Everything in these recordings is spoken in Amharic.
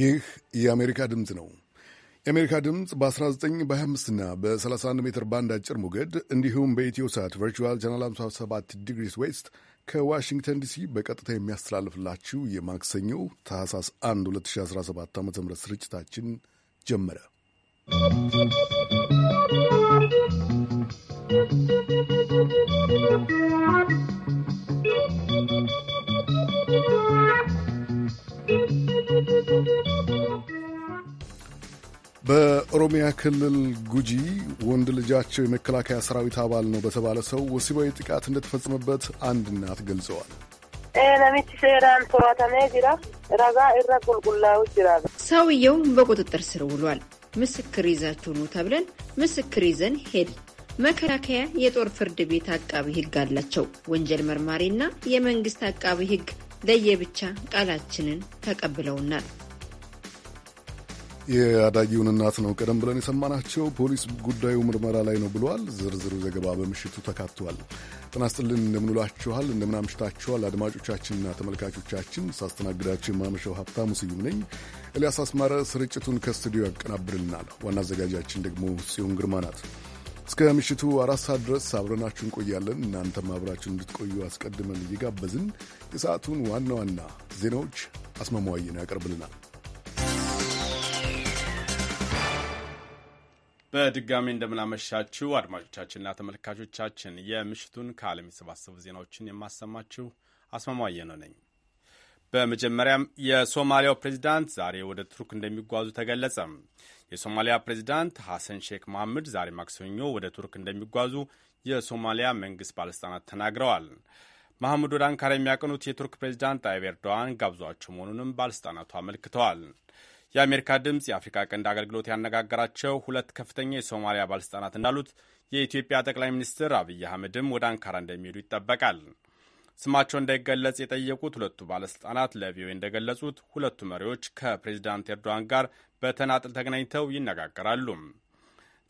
ይህ የአሜሪካ ድምፅ ነው። የአሜሪካ ድምፅ በ19 25 እና በ31 ሜትር ባንድ አጭር ሞገድ እንዲሁም በኢትዮ ሳት ቨርቹዋል ቻናል 57 ዲግሪስ ዌስት ከዋሽንግተን ዲሲ በቀጥታ የሚያስተላልፍላችሁ የማክሰኞ ታህሳስ 1 2017 ዓ ም ስርጭታችን ጀመረ። ¶¶ በኦሮሚያ ክልል ጉጂ ወንድ ልጃቸው የመከላከያ ሰራዊት አባል ነው በተባለ ሰው ወሲባዊ ጥቃት እንደተፈጸመበት አንድ እናት ገልጸዋል። ሰውየው በቁጥጥር ስር ውሏል። ምስክር ይዛችሁ ነው ተብለን ምስክር ይዘን ሄድ መከላከያ የጦር ፍርድ ቤት አቃቢ ሕግ አላቸው። ወንጀል መርማሪና የመንግስት አቃቢ ሕግ ለየብቻ ቃላችንን ተቀብለውናል። የአዳጊውን እናት ነው ቀደም ብለን የሰማናቸው። ፖሊስ ጉዳዩ ምርመራ ላይ ነው ብለዋል። ዝርዝሩ ዘገባ በምሽቱ ተካቷል። ጥናስጥልን እንደምንውላችኋል፣ እንደምናምሽታችኋል አድማጮቻችንና ተመልካቾቻችን። ሳስተናግዳችሁ የማመሸው ሀብታሙ ስዩም ነኝ። ኤልያስ አስማረ ስርጭቱን ከስቱዲዮ ያቀናብርልናል። ዋና አዘጋጃችን ደግሞ ጽዮን ግርማ ናት። እስከ ምሽቱ አራት ሰዓት ድረስ አብረናችሁ እንቆያለን። እናንተም አብራችሁ እንድትቆዩ አስቀድመን እየጋበዝን የሰዓቱን ዋና ዋና ዜናዎች አስማማዋየን ያቀርብልናል። በድጋሚ እንደምናመሻችው አድማጮቻችንና ተመልካቾቻችን የምሽቱን ከዓለም የሰባሰቡ ዜናዎችን የማሰማችው አስማማየነ ነኝ። በመጀመሪያም የሶማሊያው ፕሬዚዳንት ዛሬ ወደ ቱርክ እንደሚጓዙ ተገለጸ። የሶማሊያ ፕሬዚዳንት ሐሰን ሼክ መሐመድ ዛሬ ማክሰኞ ወደ ቱርክ እንደሚጓዙ የሶማሊያ መንግስት ባለሥልጣናት ተናግረዋል። መሐመድ ወደ አንካራ የሚያቀኑት የቱርክ ፕሬዚዳንት ጣይብ ኤርዶዋን ጋብዟቸው መሆኑንም ባለሥልጣናቱ አመልክተዋል። የአሜሪካ ድምፅ የአፍሪካ ቀንድ አገልግሎት ያነጋገራቸው ሁለት ከፍተኛ የሶማሊያ ባለሥልጣናት እንዳሉት የኢትዮጵያ ጠቅላይ ሚኒስትር አብይ አህመድም ወደ አንካራ እንደሚሄዱ ይጠበቃል። ስማቸው እንዳይገለጽ የጠየቁት ሁለቱ ባለሥልጣናት ለቪኦኤ እንደገለጹት ሁለቱ መሪዎች ከፕሬዚዳንት ኤርዶዋን ጋር በተናጥል ተገናኝተው ይነጋገራሉ።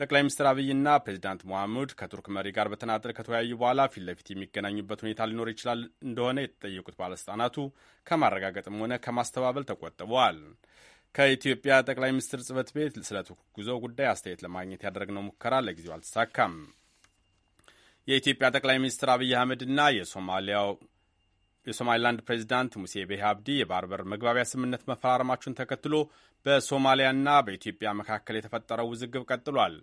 ጠቅላይ ሚኒስትር አብይና ፕሬዚዳንት መሐሙድ ከቱርክ መሪ ጋር በተናጥል ከተወያዩ በኋላ ፊት ለፊት የሚገናኙበት ሁኔታ ሊኖር ይችላል እንደሆነ የተጠየቁት ባለሥልጣናቱ ከማረጋገጥም ሆነ ከማስተባበል ተቆጥበዋል። ከኢትዮጵያ ጠቅላይ ሚኒስትር ጽህፈት ቤት ስለ ጉዞ ጉዳይ አስተያየት ለማግኘት ያደረግነው ሙከራ ለጊዜው አልተሳካም። የኢትዮጵያ ጠቅላይ ሚኒስትር አብይ አህመድና የሶማሊያው የሶማሊላንድ ፕሬዚዳንት ሙሴ ቤህ አብዲ የባርበር መግባቢያ ስምምነት መፈራረማቸውን ተከትሎ በሶማሊያና በኢትዮጵያ መካከል የተፈጠረው ውዝግብ ቀጥሏል።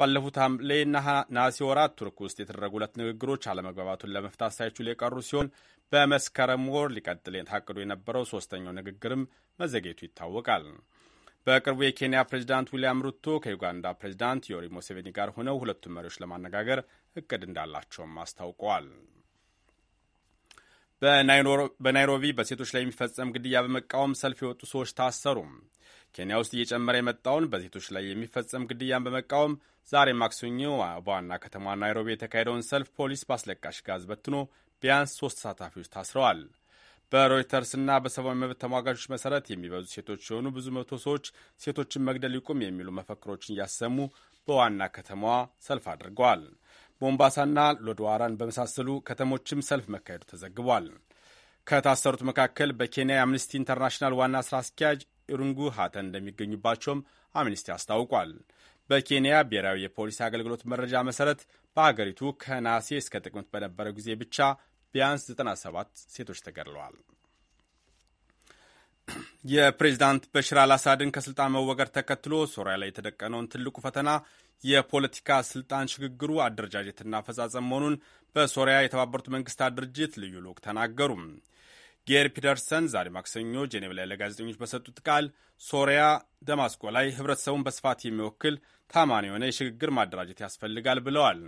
ባለፉት ሐምሌና ነሐሴ ወራት ቱርክ ውስጥ የተደረጉ ሁለት ንግግሮች አለመግባባቱን ለመፍታት ሳይችሉ የቀሩ ሲሆን በመስከረም ወር ሊቀጥል ታቅዶ የነበረው ሶስተኛው ንግግርም መዘግየቱ ይታወቃል። በቅርቡ የኬንያ ፕሬዚዳንት ዊልያም ሩቶ ከዩጋንዳ ፕሬዚዳንት ዮዌሪ ሙሴቬኒ ጋር ሆነው ሁለቱም መሪዎች ለማነጋገር እቅድ እንዳላቸውም አስታውቀዋል። በናይሮቢ በሴቶች ላይ የሚፈጸም ግድያ በመቃወም ሰልፍ የወጡ ሰዎች ታሰሩ። ኬንያ ውስጥ እየጨመረ የመጣውን በሴቶች ላይ የሚፈጸም ግድያን በመቃወም ዛሬ ማክሰኞ በዋና ከተማ ናይሮቢ የተካሄደውን ሰልፍ ፖሊስ በአስለቃሽ ጋዝ በትኖ ቢያንስ ሶስት ተሳታፊዎች ታስረዋል። በሮይተርስና በሰብአዊ መብት ተሟጋቾች መሰረት የሚበዙ ሴቶች የሆኑ ብዙ መቶ ሰዎች ሴቶችን መግደል ይቁም የሚሉ መፈክሮችን እያሰሙ በዋና ከተማዋ ሰልፍ አድርገዋል። ሞምባሳና ሎድዋራን በመሳሰሉ ከተሞችም ሰልፍ መካሄዱ ተዘግቧል። ከታሰሩት መካከል በኬንያ የአምነስቲ ኢንተርናሽናል ዋና ስራ አስኪያጅ ኢሩንጉ ሀተን እንደሚገኙባቸውም አምነስቲ አስታውቋል። በኬንያ ብሔራዊ የፖሊስ አገልግሎት መረጃ መሠረት በሀገሪቱ ከነሐሴ እስከ ጥቅምት በነበረው ጊዜ ብቻ ቢያንስ 97 ሴቶች ተገድለዋል። የፕሬዚዳንት በሽር አልአሳድን ከስልጣን መወገድ ተከትሎ ሶሪያ ላይ የተደቀነውን ትልቁ ፈተና የፖለቲካ ስልጣን ሽግግሩ አደረጃጀትና አፈጻጸም መሆኑን በሶሪያ የተባበሩት መንግስታት ድርጅት ልዩ ልዑክ ተናገሩ። ጌር ፒደርሰን ዛሬ ማክሰኞ ጄኔቭ ላይ ለጋዜጠኞች በሰጡት ቃል ሶሪያ ደማስቆ ላይ ህብረተሰቡን በስፋት የሚወክል ታማኒ የሆነ የሽግግር ማደራጀት ያስፈልጋል ብለዋል።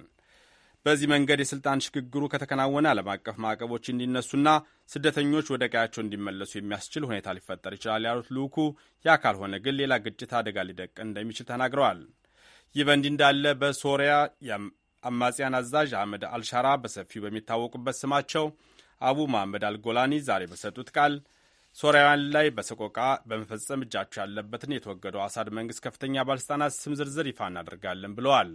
በዚህ መንገድ የሥልጣን ሽግግሩ ከተከናወነ ዓለም አቀፍ ማዕቀቦች እንዲነሱና ስደተኞች ወደ ቀያቸው እንዲመለሱ የሚያስችል ሁኔታ ሊፈጠር ይችላል ያሉት ልዑኩ፣ ያ ካልሆነ ግን ሌላ ግጭት አደጋ ሊደቅ እንደሚችል ተናግረዋል። ይህ በእንዲህ እንዳለ በሶሪያ አማጽያን አዛዥ አህመድ አልሻራ በሰፊው በሚታወቁበት ስማቸው አቡ መሐመድ አልጎላኒ ዛሬ በሰጡት ቃል ሶሪያውያን ላይ በሰቆቃ በመፈጸም እጃቸው ያለበትን የተወገደው አሳድ መንግሥት ከፍተኛ ባለሥልጣናት ስም ዝርዝር ይፋ እናደርጋለን ብለዋል።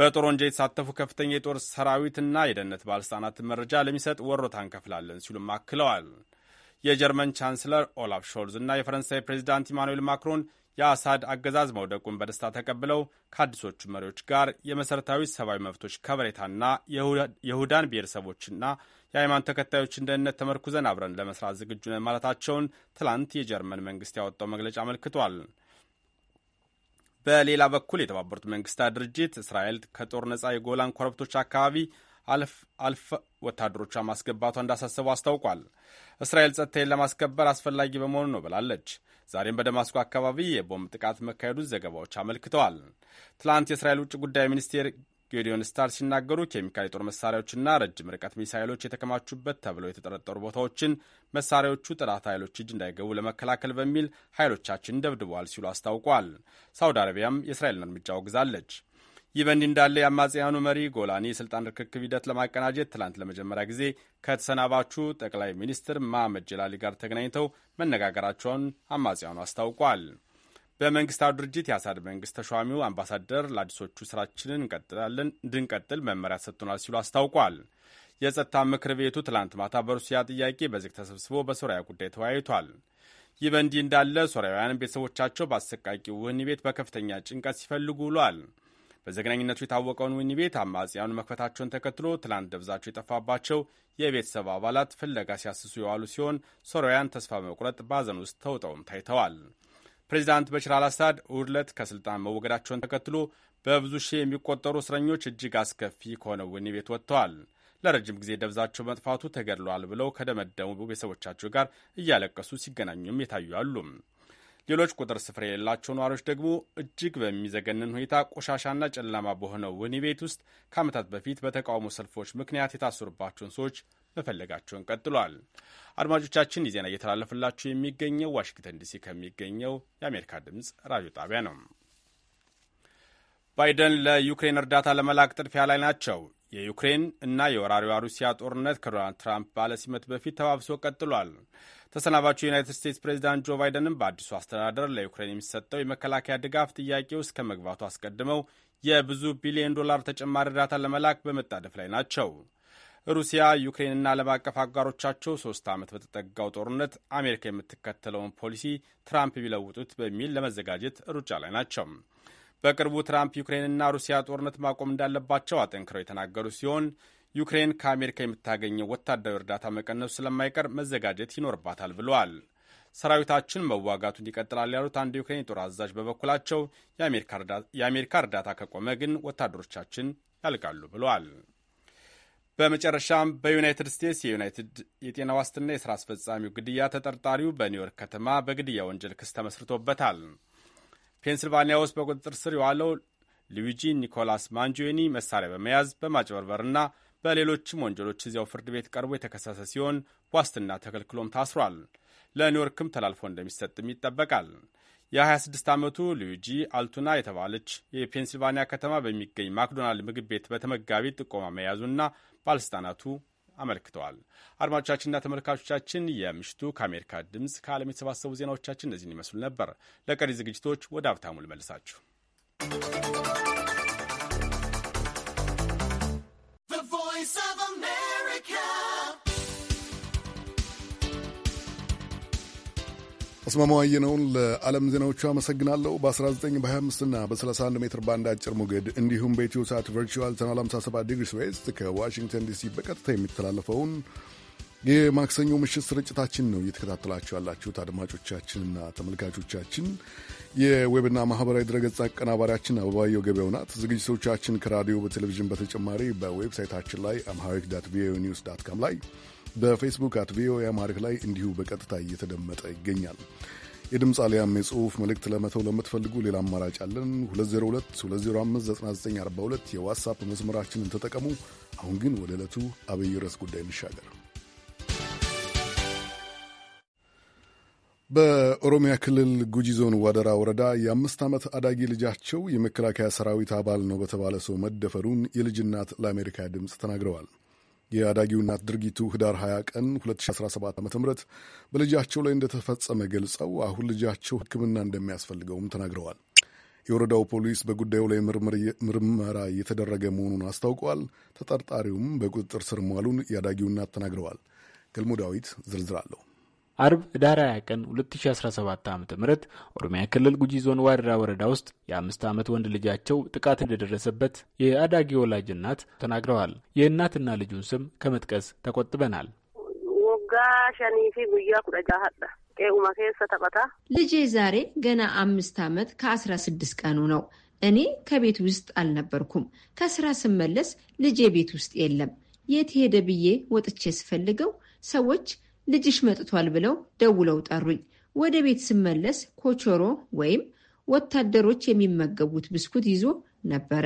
በጦር ወንጀል የተሳተፉ ከፍተኛ የጦር ሰራዊትና የደህንነት ባለሥልጣናትን መረጃ ለሚሰጥ ወሮታ እንከፍላለን ሲሉም አክለዋል። የጀርመን ቻንስለር ኦላፍ ሾልዝ እና የፈረንሳይ ፕሬዚዳንት ኢማኑኤል ማክሮን የአሳድ አገዛዝ መውደቁን በደስታ ተቀብለው ከአዲሶቹ መሪዎች ጋር የመሠረታዊ ሰብአዊ መብቶች ከበሬታና የይሁዳን ብሔረሰቦችና የሃይማኖት ተከታዮችን ደህንነት ተመርኩዘን አብረን ለመስራት ዝግጁ ነን ማለታቸውን ትላንት የጀርመን መንግስት ያወጣው መግለጫ አመልክቷል። በሌላ በኩል የተባበሩት መንግስታት ድርጅት እስራኤል ከጦር ነጻ የጎላን ኮረብቶች አካባቢ አልፍ ወታደሮቿ ማስገባቷ እንዳሳሰቡ አስታውቋል። እስራኤል ጸጥታዬን ለማስከበር አስፈላጊ በመሆኑ ነው ብላለች። ዛሬም በደማስቆ አካባቢ የቦምብ ጥቃት መካሄዱ ዘገባዎች አመልክተዋል። ትላንት የእስራኤል ውጭ ጉዳይ ሚኒስቴር ጌዲዮን ስታር ሲናገሩ ኬሚካል የጦር መሳሪያዎችና ረጅም ርቀት ሚሳይሎች የተከማቹበት ተብለው የተጠረጠሩ ቦታዎችን መሳሪያዎቹ ጠላት ኃይሎች እጅ እንዳይገቡ ለመከላከል በሚል ኃይሎቻችን ደብድበዋል ሲሉ አስታውቋል። ሳውዲ አረቢያም የእስራኤልን እርምጃ ወግዛለች። ይህ በእንዲህ እንዳለ የአማጽያኑ መሪ ጎላኒ የስልጣን ርክክብ ሂደት ለማቀናጀት ትላንት ለመጀመሪያ ጊዜ ከተሰናባቹ ጠቅላይ ሚኒስትር ማመድ ጀላሊ ጋር ተገናኝተው መነጋገራቸውን አማጽያኑ አስታውቋል። በመንግስታዊ ድርጅት የአሳድ መንግስት ተሿሚው አምባሳደር ለአዲሶቹ ስራችንን እንቀጥላለን እንድንቀጥል መመሪያ ሰጥቶናል ሲሉ አስታውቋል። የጸጥታ ምክር ቤቱ ትላንት ማታ በሩሲያ ጥያቄ በዝግ ተሰብስቦ በሶሪያ ጉዳይ ተወያይቷል። ይህ በእንዲህ እንዳለ ሶሪያውያን ቤተሰቦቻቸው በአሰቃቂ ውህኒ ቤት በከፍተኛ ጭንቀት ሲፈልጉ ውሏል። በዘግናኝነቱ የታወቀውን ውህኒ ቤት አማጽያኑ መክፈታቸውን ተከትሎ ትላንት ደብዛቸው የጠፋባቸው የቤተሰብ አባላት ፍለጋ ሲያስሱ የዋሉ ሲሆን ሶሪያውያን ተስፋ መቁረጥ በሐዘን ውስጥ ተውጠውም ታይተዋል። ፕሬዚዳንት በሽር አልአሳድ እሁድ ዕለት ከስልጣን መወገዳቸውን ተከትሎ በብዙ ሺህ የሚቆጠሩ እስረኞች እጅግ አስከፊ ከሆነው ወህኒ ቤት ወጥተዋል። ለረጅም ጊዜ ደብዛቸው መጥፋቱ ተገድሏል ብለው ከደመደሙ ቤተሰቦቻቸው ጋር እያለቀሱ ሲገናኙም የታዩ አሉ። ሌሎች ቁጥር ስፍር የሌላቸው ነዋሪዎች ደግሞ እጅግ በሚዘገንን ሁኔታ ቆሻሻና ጨለማ በሆነው ወህኒ ቤት ውስጥ ከዓመታት በፊት በተቃውሞ ሰልፎች ምክንያት የታሰሩባቸውን ሰዎች መፈለጋቸውን ቀጥሏል። አድማጮቻችን የዜና ዜና እየተላለፈላችሁ የሚገኘው ዋሽንግተን ዲሲ ከሚገኘው የአሜሪካ ድምፅ ራዲዮ ጣቢያ ነው። ባይደን ለዩክሬን እርዳታ ለመላክ ጥድፊያ ላይ ናቸው። የዩክሬን እና የወራሪዋ ሩሲያ ጦርነት ከዶናልድ ትራምፕ ባለ ሲመት በፊት ተባብሶ ቀጥሏል። ተሰናባቹ የዩናይትድ ስቴትስ ፕሬዚዳንት ጆ ባይደንም በአዲሱ አስተዳደር ለዩክሬን የሚሰጠው የመከላከያ ድጋፍ ጥያቄ ውስጥ ከመግባቱ አስቀድመው የብዙ ቢሊዮን ዶላር ተጨማሪ እርዳታ ለመላክ በመጣደፍ ላይ ናቸው። ሩሲያ ዩክሬንና ዓለም አቀፍ አጋሮቻቸው ሶስት ዓመት በተጠጋው ጦርነት አሜሪካ የምትከተለውን ፖሊሲ ትራምፕ ቢለውጡት በሚል ለመዘጋጀት ሩጫ ላይ ናቸው። በቅርቡ ትራምፕ ዩክሬንና ሩሲያ ጦርነት ማቆም እንዳለባቸው አጠንክረው የተናገሩ ሲሆን ዩክሬን ከአሜሪካ የምታገኘው ወታደራዊ እርዳታ መቀነሱ ስለማይቀር መዘጋጀት ይኖርባታል ብለዋል። ሰራዊታችን መዋጋቱን ይቀጥላል ያሉት አንድ ዩክሬን የጦር አዛዥ በበኩላቸው የአሜሪካ እርዳታ ከቆመ ግን ወታደሮቻችን ያልቃሉ ብለዋል። በመጨረሻም በዩናይትድ ስቴትስ የዩናይትድ የጤና ዋስትና የሥራ አስፈጻሚው ግድያ ተጠርጣሪው በኒውዮርክ ከተማ በግድያ ወንጀል ክስ ተመስርቶበታል። ፔንስልቫኒያ ውስጥ በቁጥጥር ስር የዋለው ሉዊጂ ኒኮላስ ማንጆኒ መሳሪያ በመያዝ በማጭበርበርና በሌሎችም ወንጀሎች እዚያው ፍርድ ቤት ቀርቦ የተከሰሰ ሲሆን ዋስትና ተከልክሎም ታስሯል። ለኒውዮርክም ተላልፎ እንደሚሰጥም ይጠበቃል። የ26 ዓመቱ ሉዊጂ አልቱና የተባለች የፔንሲልቫኒያ ከተማ በሚገኝ ማክዶናልድ ምግብ ቤት በተመጋቢ ጥቆማ መያዙና ባለሥልጣናቱ አመልክተዋል። አድማጮቻችንና ተመልካቾቻችን የምሽቱ ከአሜሪካ ድምፅ ከዓለም የተሰባሰቡ ዜናዎቻችን እነዚህን ይመስሉ ነበር። ለቀሪ ዝግጅቶች ወደ ሀብታሙ ልመልሳችሁ። አስማማው አየነውን ለዓለም ዜናዎቹ አመሰግናለሁ። በ19 በ25 ና በ31 ሜትር ባንድ አጭር ሞገድ እንዲሁም በኢትዮ ሳት ቨርቹዋል 57 ዲግሪ ስዌስት ከዋሽንግተን ዲሲ በቀጥታ የሚተላለፈውን የማክሰኞ ምሽት ስርጭታችን ነው እየተከታተላችሁ ያላችሁት አድማጮቻችንና ተመልካቾቻችን። የዌብና ማህበራዊ ድረገጽ አቀናባሪያችን አበባየው ገበያው ናት። ዝግጅቶቻችን ከራዲዮ በቴሌቪዥን በተጨማሪ በዌብሳይታችን ላይ አምሃሪክ ዳት ቪኦኤ ኒውስ ዳት ካም ላይ በፌስቡክ አት ቪኦኤ አማሪክ ላይ እንዲሁ በቀጥታ እየተደመጠ ይገኛል። የድምፅ አሊያም የጽሑፍ መልእክት ለመተው ለምትፈልጉ ሌላ አማራጭ አለን። 2022059942 የዋትሳፕ መስመራችንን ተጠቀሙ። አሁን ግን ወደ ዕለቱ አብይ ርዕስ ጉዳይ እንሻገር። በኦሮሚያ ክልል ጉጂ ዞን ዋደራ ወረዳ የአምስት ዓመት አዳጊ ልጃቸው የመከላከያ ሰራዊት አባል ነው በተባለ ሰው መደፈሩን የልጅ እናት ለአሜሪካ ድምፅ ተናግረዋል። የአዳጊው እናት ድርጊቱ ህዳር 20 ቀን 2017 ዓ ም በልጃቸው ላይ እንደተፈጸመ ገልጸው አሁን ልጃቸው ሕክምና እንደሚያስፈልገውም ተናግረዋል። የወረዳው ፖሊስ በጉዳዩ ላይ ምርመራ እየተደረገ መሆኑን አስታውቀዋል። ተጠርጣሪውም በቁጥጥር ስር መዋሉን የአዳጊው እናት ተናግረዋል። ገልሞ ዳዊት ዝርዝር አለሁ አርብ ህዳር 20 ቀን 2017 ዓ ም ኦሮሚያ ክልል ጉጂ ዞን ዋድራ ወረዳ ውስጥ የአምስት ዓመት ወንድ ልጃቸው ጥቃት እንደደረሰበት የአዳጊ ወላጅ እናት ተናግረዋል። የእናትና ልጁን ስም ከመጥቀስ ተቆጥበናል። ወጋ ሸኒፊ ጉያ ቄኡማ ተቀታ ልጄ ዛሬ ገና አምስት ዓመት ከአስራ ስድስት ቀኑ ነው። እኔ ከቤት ውስጥ አልነበርኩም። ከስራ ስመለስ ልጄ ቤት ውስጥ የለም። የት ሄደ ብዬ ወጥቼ ስፈልገው ሰዎች ልጅሽ መጥቷል ብለው ደውለው ጠሩኝ። ወደ ቤት ስመለስ ኮቾሮ ወይም ወታደሮች የሚመገቡት ብስኩት ይዞ ነበረ።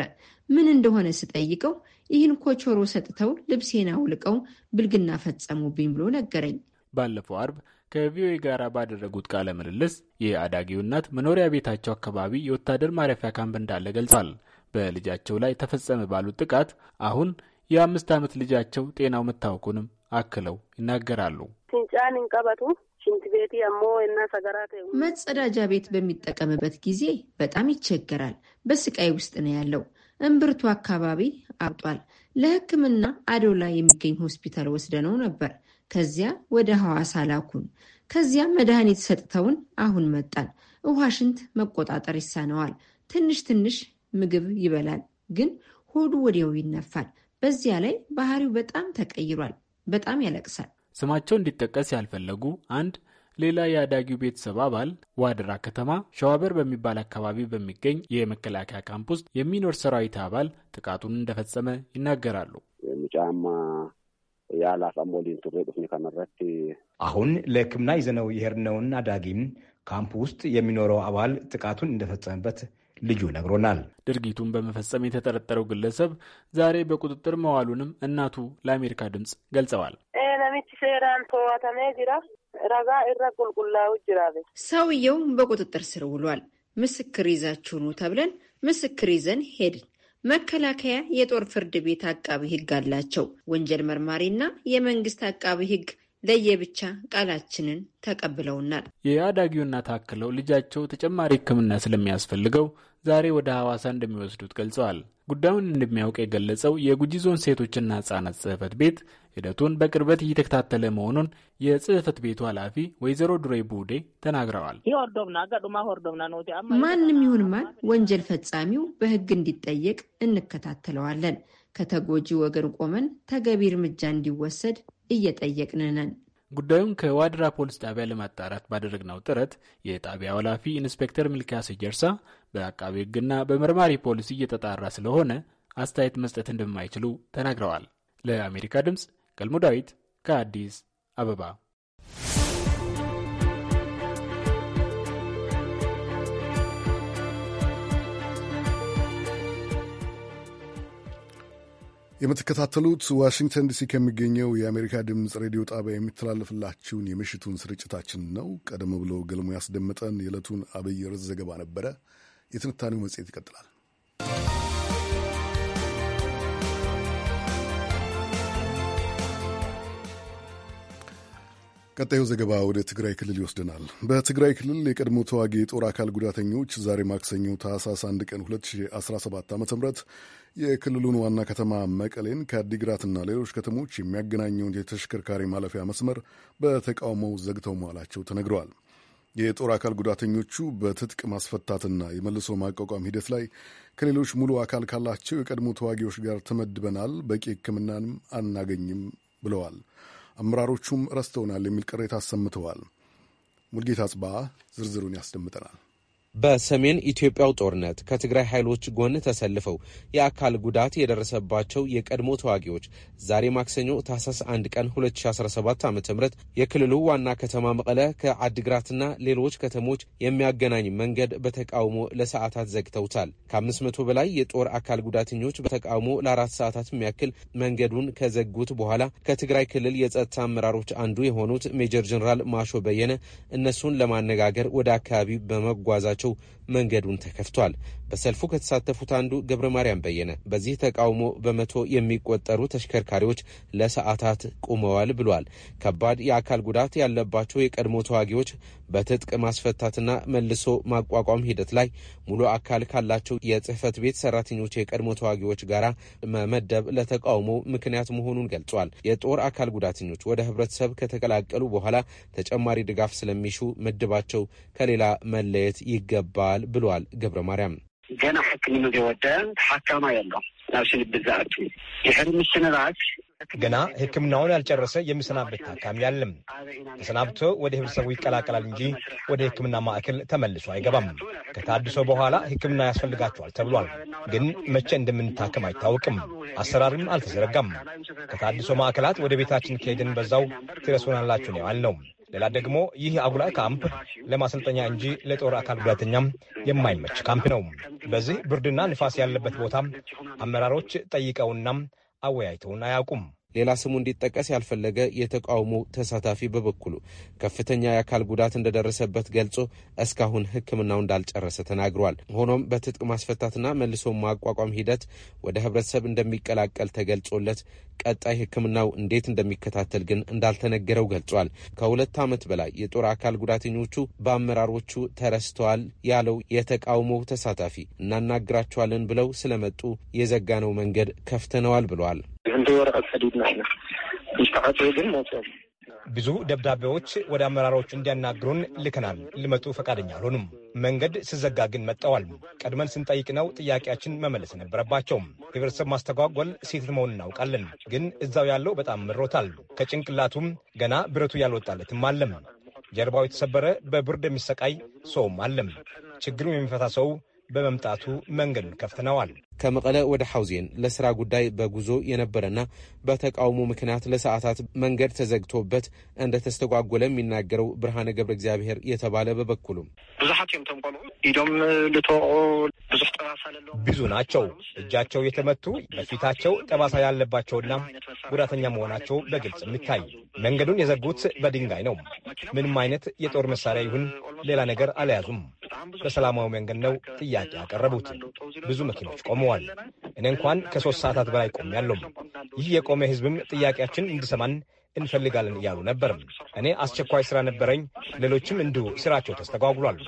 ምን እንደሆነ ስጠይቀው ይህን ኮቾሮ ሰጥተው ልብሴን አውልቀው ብልግና ፈጸሙብኝ ብሎ ነገረኝ። ባለፈው አርብ ከቪኦኤ ጋር ባደረጉት ቃለ ምልልስ የአዳጊው እናት መኖሪያ ቤታቸው አካባቢ የወታደር ማረፊያ ካምፕ እንዳለ ገልጿል። በልጃቸው ላይ ተፈጸመ ባሉት ጥቃት አሁን የአምስት ዓመት ልጃቸው ጤናው መታወቁንም አክለው ይናገራሉ። ፍንጫን እንቀበቱ ሽንት ቤት ሞ እና ሰገራ መጸዳጃ ቤት በሚጠቀምበት ጊዜ በጣም ይቸገራል። በስቃይ ውስጥ ነው ያለው። እምብርቱ አካባቢ አብጧል። ለሕክምና አዶላ የሚገኝ ሆስፒታል ወስደነው ነበር። ከዚያ ወደ ሐዋሳ ላኩን። ከዚያ መድኃኒት ሰጥተውን አሁን መጣል። ውሃ ሽንት መቆጣጠር ይሳነዋል። ትንሽ ትንሽ ምግብ ይበላል፣ ግን ሆዱ ወዲያው ይነፋል። በዚያ ላይ ባህሪው በጣም ተቀይሯል። በጣም ያለቅሳል። ስማቸው እንዲጠቀስ ያልፈለጉ አንድ ሌላ የአዳጊው ቤተሰብ አባል ዋድራ ከተማ ሸዋበር በሚባል አካባቢ በሚገኝ የመከላከያ ካምፕ ውስጥ የሚኖር ሰራዊት አባል ጥቃቱን እንደፈጸመ ይናገራሉ። ጫማ አሁን ለሕክምና ይዘነው የሄድነውን አዳጊም ካምፕ ውስጥ የሚኖረው አባል ጥቃቱን እንደፈጸመበት ልዩ ነግሮናል። ድርጊቱን በመፈጸም የተጠረጠረው ግለሰብ ዛሬ በቁጥጥር መዋሉንም እናቱ ለአሜሪካ ድምጽ ገልጸዋል። ሰውየው በቁጥጥር ስር ውሏል። ምስክር ይዛችሁ ተብለን ምስክር ይዘን ሄድን። መከላከያ የጦር ፍርድ ቤት አቃቢ ሕግ አላቸው። ወንጀል መርማሪና የመንግስት አቃቢ ሕግ ለየብቻ ቃላችንን ተቀብለውናል። የአዳጊው እናት አክለው ልጃቸው ተጨማሪ ሕክምና ስለሚያስፈልገው ዛሬ ወደ ሐዋሳ እንደሚወስዱት ገልጸዋል። ጉዳዩን እንደሚያውቅ የገለጸው የጉጂ ዞን ሴቶችና ህጻናት ጽህፈት ቤት ሂደቱን በቅርበት እየተከታተለ መሆኑን የጽህፈት ቤቱ ኃላፊ ወይዘሮ ዱሬ ቡዴ ተናግረዋል። ማንም ይሁን ማን ወንጀል ፈጻሚው በህግ እንዲጠየቅ እንከታተለዋለን። ከተጎጂ ወገን ቆመን ተገቢ እርምጃ እንዲወሰድ እየጠየቅን ነን። ጉዳዩን ከዋድራ ፖሊስ ጣቢያ ለማጣራት ባደረግነው ጥረት የጣቢያው ኃላፊ ኢንስፔክተር ሚልኪያስ ጀርሳ በአቃቢ ሕግና በመርማሪ ፖሊስ እየተጣራ ስለሆነ አስተያየት መስጠት እንደማይችሉ ተናግረዋል። ለአሜሪካ ድምፅ ገልሞ ዳዊት ከአዲስ አበባ የምትከታተሉት ዋሽንግተን ዲሲ ከሚገኘው የአሜሪካ ድምፅ ሬዲዮ ጣቢያ የሚተላለፍላችሁን የምሽቱን ስርጭታችን ነው። ቀደም ብሎ ገልሞ ያስደመጠን የዕለቱን አብይ ርዕስ ዘገባ ነበረ። የትንታኔው መጽሔት ይቀጥላል። ቀጣዩ ዘገባ ወደ ትግራይ ክልል ይወስደናል። በትግራይ ክልል የቀድሞ ተዋጊ የጦር አካል ጉዳተኞች ዛሬ ማክሰኞ ታህሳስ 1 ቀን 2017 ዓ ም የክልሉን ዋና ከተማ መቀሌን ከአዲግራትና ሌሎች ከተሞች የሚያገናኘውን የተሽከርካሪ ማለፊያ መስመር በተቃውሞው ዘግተው መዋላቸው ተነግረዋል። የጦር አካል ጉዳተኞቹ በትጥቅ ማስፈታትና የመልሶ ማቋቋም ሂደት ላይ ከሌሎች ሙሉ አካል ካላቸው የቀድሞ ተዋጊዎች ጋር ተመድበናል፣ በቂ ሕክምናንም አናገኝም ብለዋል። አመራሮቹም ረስተውናል የሚል ቅሬታ አሰምተዋል። ሙልጌታ ጽባ ዝርዝሩን ያስደምጠናል። በሰሜን ኢትዮጵያው ጦርነት ከትግራይ ኃይሎች ጎን ተሰልፈው የአካል ጉዳት የደረሰባቸው የቀድሞ ተዋጊዎች ዛሬ ማክሰኞ ታህሳስ 1 ቀን 2017 ዓ ም የክልሉ ዋና ከተማ መቀለ ከአድግራትና ሌሎች ከተሞች የሚያገናኝ መንገድ በተቃውሞ ለሰዓታት ዘግተውታል። ከ500 በላይ የጦር አካል ጉዳተኞች በተቃውሞ ለአራት ሰዓታት የሚያክል መንገዱን ከዘጉት በኋላ ከትግራይ ክልል የጸጥታ አመራሮች አንዱ የሆኑት ሜጀር ጀኔራል ማሾ በየነ እነሱን ለማነጋገር ወደ አካባቢ በመጓዛቸው Mitchell መንገዱን ተከፍቷል። በሰልፉ ከተሳተፉት አንዱ ገብረ ማርያም በየነ በዚህ ተቃውሞ በመቶ የሚቆጠሩ ተሽከርካሪዎች ለሰዓታት ቆመዋል ብሏል። ከባድ የአካል ጉዳት ያለባቸው የቀድሞ ተዋጊዎች በትጥቅ ማስፈታትና መልሶ ማቋቋም ሂደት ላይ ሙሉ አካል ካላቸው የጽህፈት ቤት ሰራተኞች የቀድሞ ተዋጊዎች ጋር መመደብ ለተቃውሞ ምክንያት መሆኑን ገልጿል። የጦር አካል ጉዳተኞች ወደ ህብረተሰብ ከተቀላቀሉ በኋላ ተጨማሪ ድጋፍ ስለሚሹ ምድባቸው ከሌላ መለየት ይገባል ተገኝተዋል ብሏል ገብረ ማርያም። ገና ሕክምና ዘይወደ ተሓካማ የሎ ናብ ስንብት ድሕሪ ምስንባት ገና ሕክምናውን ያልጨረሰ የሚሰናበት ታካሚ ያለም ተሰናብቶ ወደ ህብረተሰቡ ይቀላቀላል እንጂ ወደ ሕክምና ማዕከል ተመልሶ አይገባም። ከታድሶ በኋላ ሕክምና ያስፈልጋቸዋል ተብሏል። ግን መቼ እንደምንታከም አይታወቅም። አሰራርም አልተዘረጋም። ከታድሶ ማዕከላት ወደ ቤታችን ከሄድን በዛው ትረሱናላችሁ ነው ያልነው። ሌላ ደግሞ ይህ አጉላ ካምፕ ለማሰልጠኛ እንጂ ለጦር አካል ጉዳተኛም የማይመች ካምፕ ነው። በዚህ ብርድና ንፋስ ያለበት ቦታ አመራሮች ጠይቀውና አወያይተውን አያውቁም። ሌላ ስሙ እንዲጠቀስ ያልፈለገ የተቃውሞ ተሳታፊ በበኩሉ ከፍተኛ የአካል ጉዳት እንደደረሰበት ገልጾ እስካሁን ሕክምናው እንዳልጨረሰ ተናግሯል። ሆኖም በትጥቅ ማስፈታትና መልሶ ማቋቋም ሂደት ወደ ህብረተሰብ እንደሚቀላቀል ተገልጾለት ቀጣይ ሕክምናው እንዴት እንደሚከታተል ግን እንዳልተነገረው ገልጿል። ከሁለት ዓመት በላይ የጦር አካል ጉዳተኞቹ በአመራሮቹ ተረስተዋል ያለው የተቃውሞ ተሳታፊ እናናግራቸዋለን ብለው ስለመጡ የዘጋነው መንገድ ከፍተነዋል ብለዋል። ወረቀት ግን ብዙ ደብዳቤዎች ወደ አመራሮች እንዲያናግሩን ልከናል። ልመቱ ፈቃደኛ አልሆኑም። መንገድ ስዘጋ ግን መጠዋል። ቀድመን ስንጠይቅ ነው ጥያቄያችን መመለስ ነበረባቸውም። ህብረተሰብ ማስተጓጎል ሴት መሆን እናውቃለን፣ ግን እዛው ያለው በጣም ምሮታል። ከጭንቅላቱም ገና ብረቱ ያልወጣለትም አለም። ጀርባው የተሰበረ በብርድ የሚሰቃይ ሰውም አለም። ችግሩም የሚፈታ ሰው በመምጣቱ መንገዱን ከፍትነዋል። ከመቀለ ወደ ሐውዜን ለስራ ጉዳይ በጉዞ የነበረና በተቃውሞ ምክንያት ለሰዓታት መንገድ ተዘግቶበት እንደተስተጓጎለ የሚናገረው ብርሃነ ገብረ እግዚአብሔር የተባለ በበኩሉ ብዙሓት እዮም ቶም ኢዶም ልተወቁ ብዙሕ ጠባሳ ብዙ ናቸው። እጃቸው የተመቱ በፊታቸው ጠባሳ ያለባቸውና ጉዳተኛ መሆናቸው በግልጽ የሚታይ መንገዱን የዘጉት በድንጋይ ነው። ምንም አይነት የጦር መሳሪያ ይሁን ሌላ ነገር አልያዙም። በሰላማዊ መንገድ ነው ጥያቄ ያቀረቡት። ብዙ መኪኖች ቆመዋል። እኔ እንኳን ከሶስት ሰዓታት በላይ ቆም ያለው ይህ የቆመ ህዝብም ጥያቄያችን እንዲሰማን እንፈልጋለን እያሉ ነበር። እኔ አስቸኳይ ስራ ነበረኝ፣ ሌሎችም እንዲሁ ስራቸው ተስተጓጉሏል።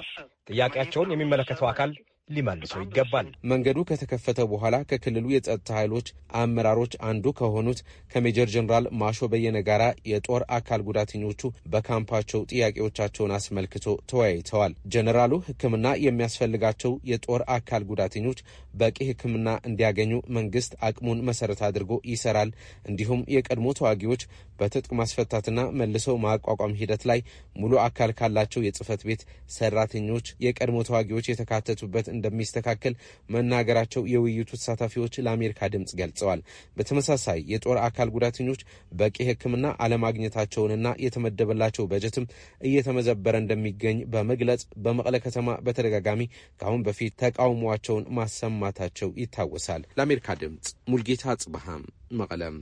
ጥያቄያቸውን የሚመለከተው አካል ሊመልሰው ይገባል። መንገዱ ከተከፈተ በኋላ ከክልሉ የጸጥታ ኃይሎች አመራሮች አንዱ ከሆኑት ከሜጀር ጀኔራል ማሾ በየነ ጋራ የጦር አካል ጉዳተኞቹ በካምፓቸው ጥያቄዎቻቸውን አስመልክቶ ተወያይተዋል። ጀኔራሉ ሕክምና የሚያስፈልጋቸው የጦር አካል ጉዳተኞች በቂ ሕክምና እንዲያገኙ መንግስት አቅሙን መሰረት አድርጎ ይሰራል፣ እንዲሁም የቀድሞ ተዋጊዎች በትጥቅ ማስፈታትና መልሶ ማቋቋም ሂደት ላይ ሙሉ አካል ካላቸው የጽህፈት ቤት ሰራተኞች የቀድሞ ተዋጊዎች የተካተቱበት እንደሚስተካከል መናገራቸው የውይይቱ ተሳታፊዎች ለአሜሪካ ድምፅ ገልጸዋል። በተመሳሳይ የጦር አካል ጉዳተኞች በቂ ሕክምና አለማግኘታቸውንና የተመደበላቸው በጀትም እየተመዘበረ እንደሚገኝ በመግለጽ በመቀለ ከተማ በተደጋጋሚ ከአሁን በፊት ተቃውሟቸውን ማሰማታቸው ይታወሳል። ለአሜሪካ ድምፅ ሙልጌታ ጽበሃም መቀለም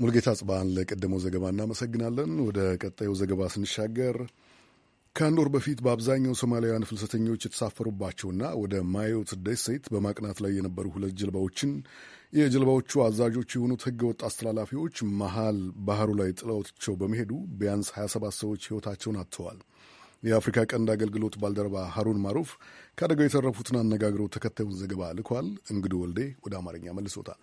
ሙልጌታ ጽባን ለቀደመው ዘገባ እናመሰግናለን። ወደ ቀጣዩ ዘገባ ስንሻገር ከአንድ ወር በፊት በአብዛኛው ሶማሊያውያን ፍልሰተኞች የተሳፈሩባቸውና ወደ ማዮት ደሴት በማቅናት ላይ የነበሩ ሁለት ጀልባዎችን የጀልባዎቹ አዛዦች የሆኑት ወጥ አስተላላፊዎች መሀል ባህሩ ላይ ጥለዋቸው በመሄዱ ቢያንስ 27 ሰዎች ሕይወታቸውን አጥተዋል። የአፍሪካ ቀንድ አገልግሎት ባልደረባ ሀሩን ማሩፍ ከአደጋው የተረፉትን አነጋግረው ተከታዩን ዘገባ ልኳል። እንግዱ ወልዴ ወደ አማርኛ መልሶታል።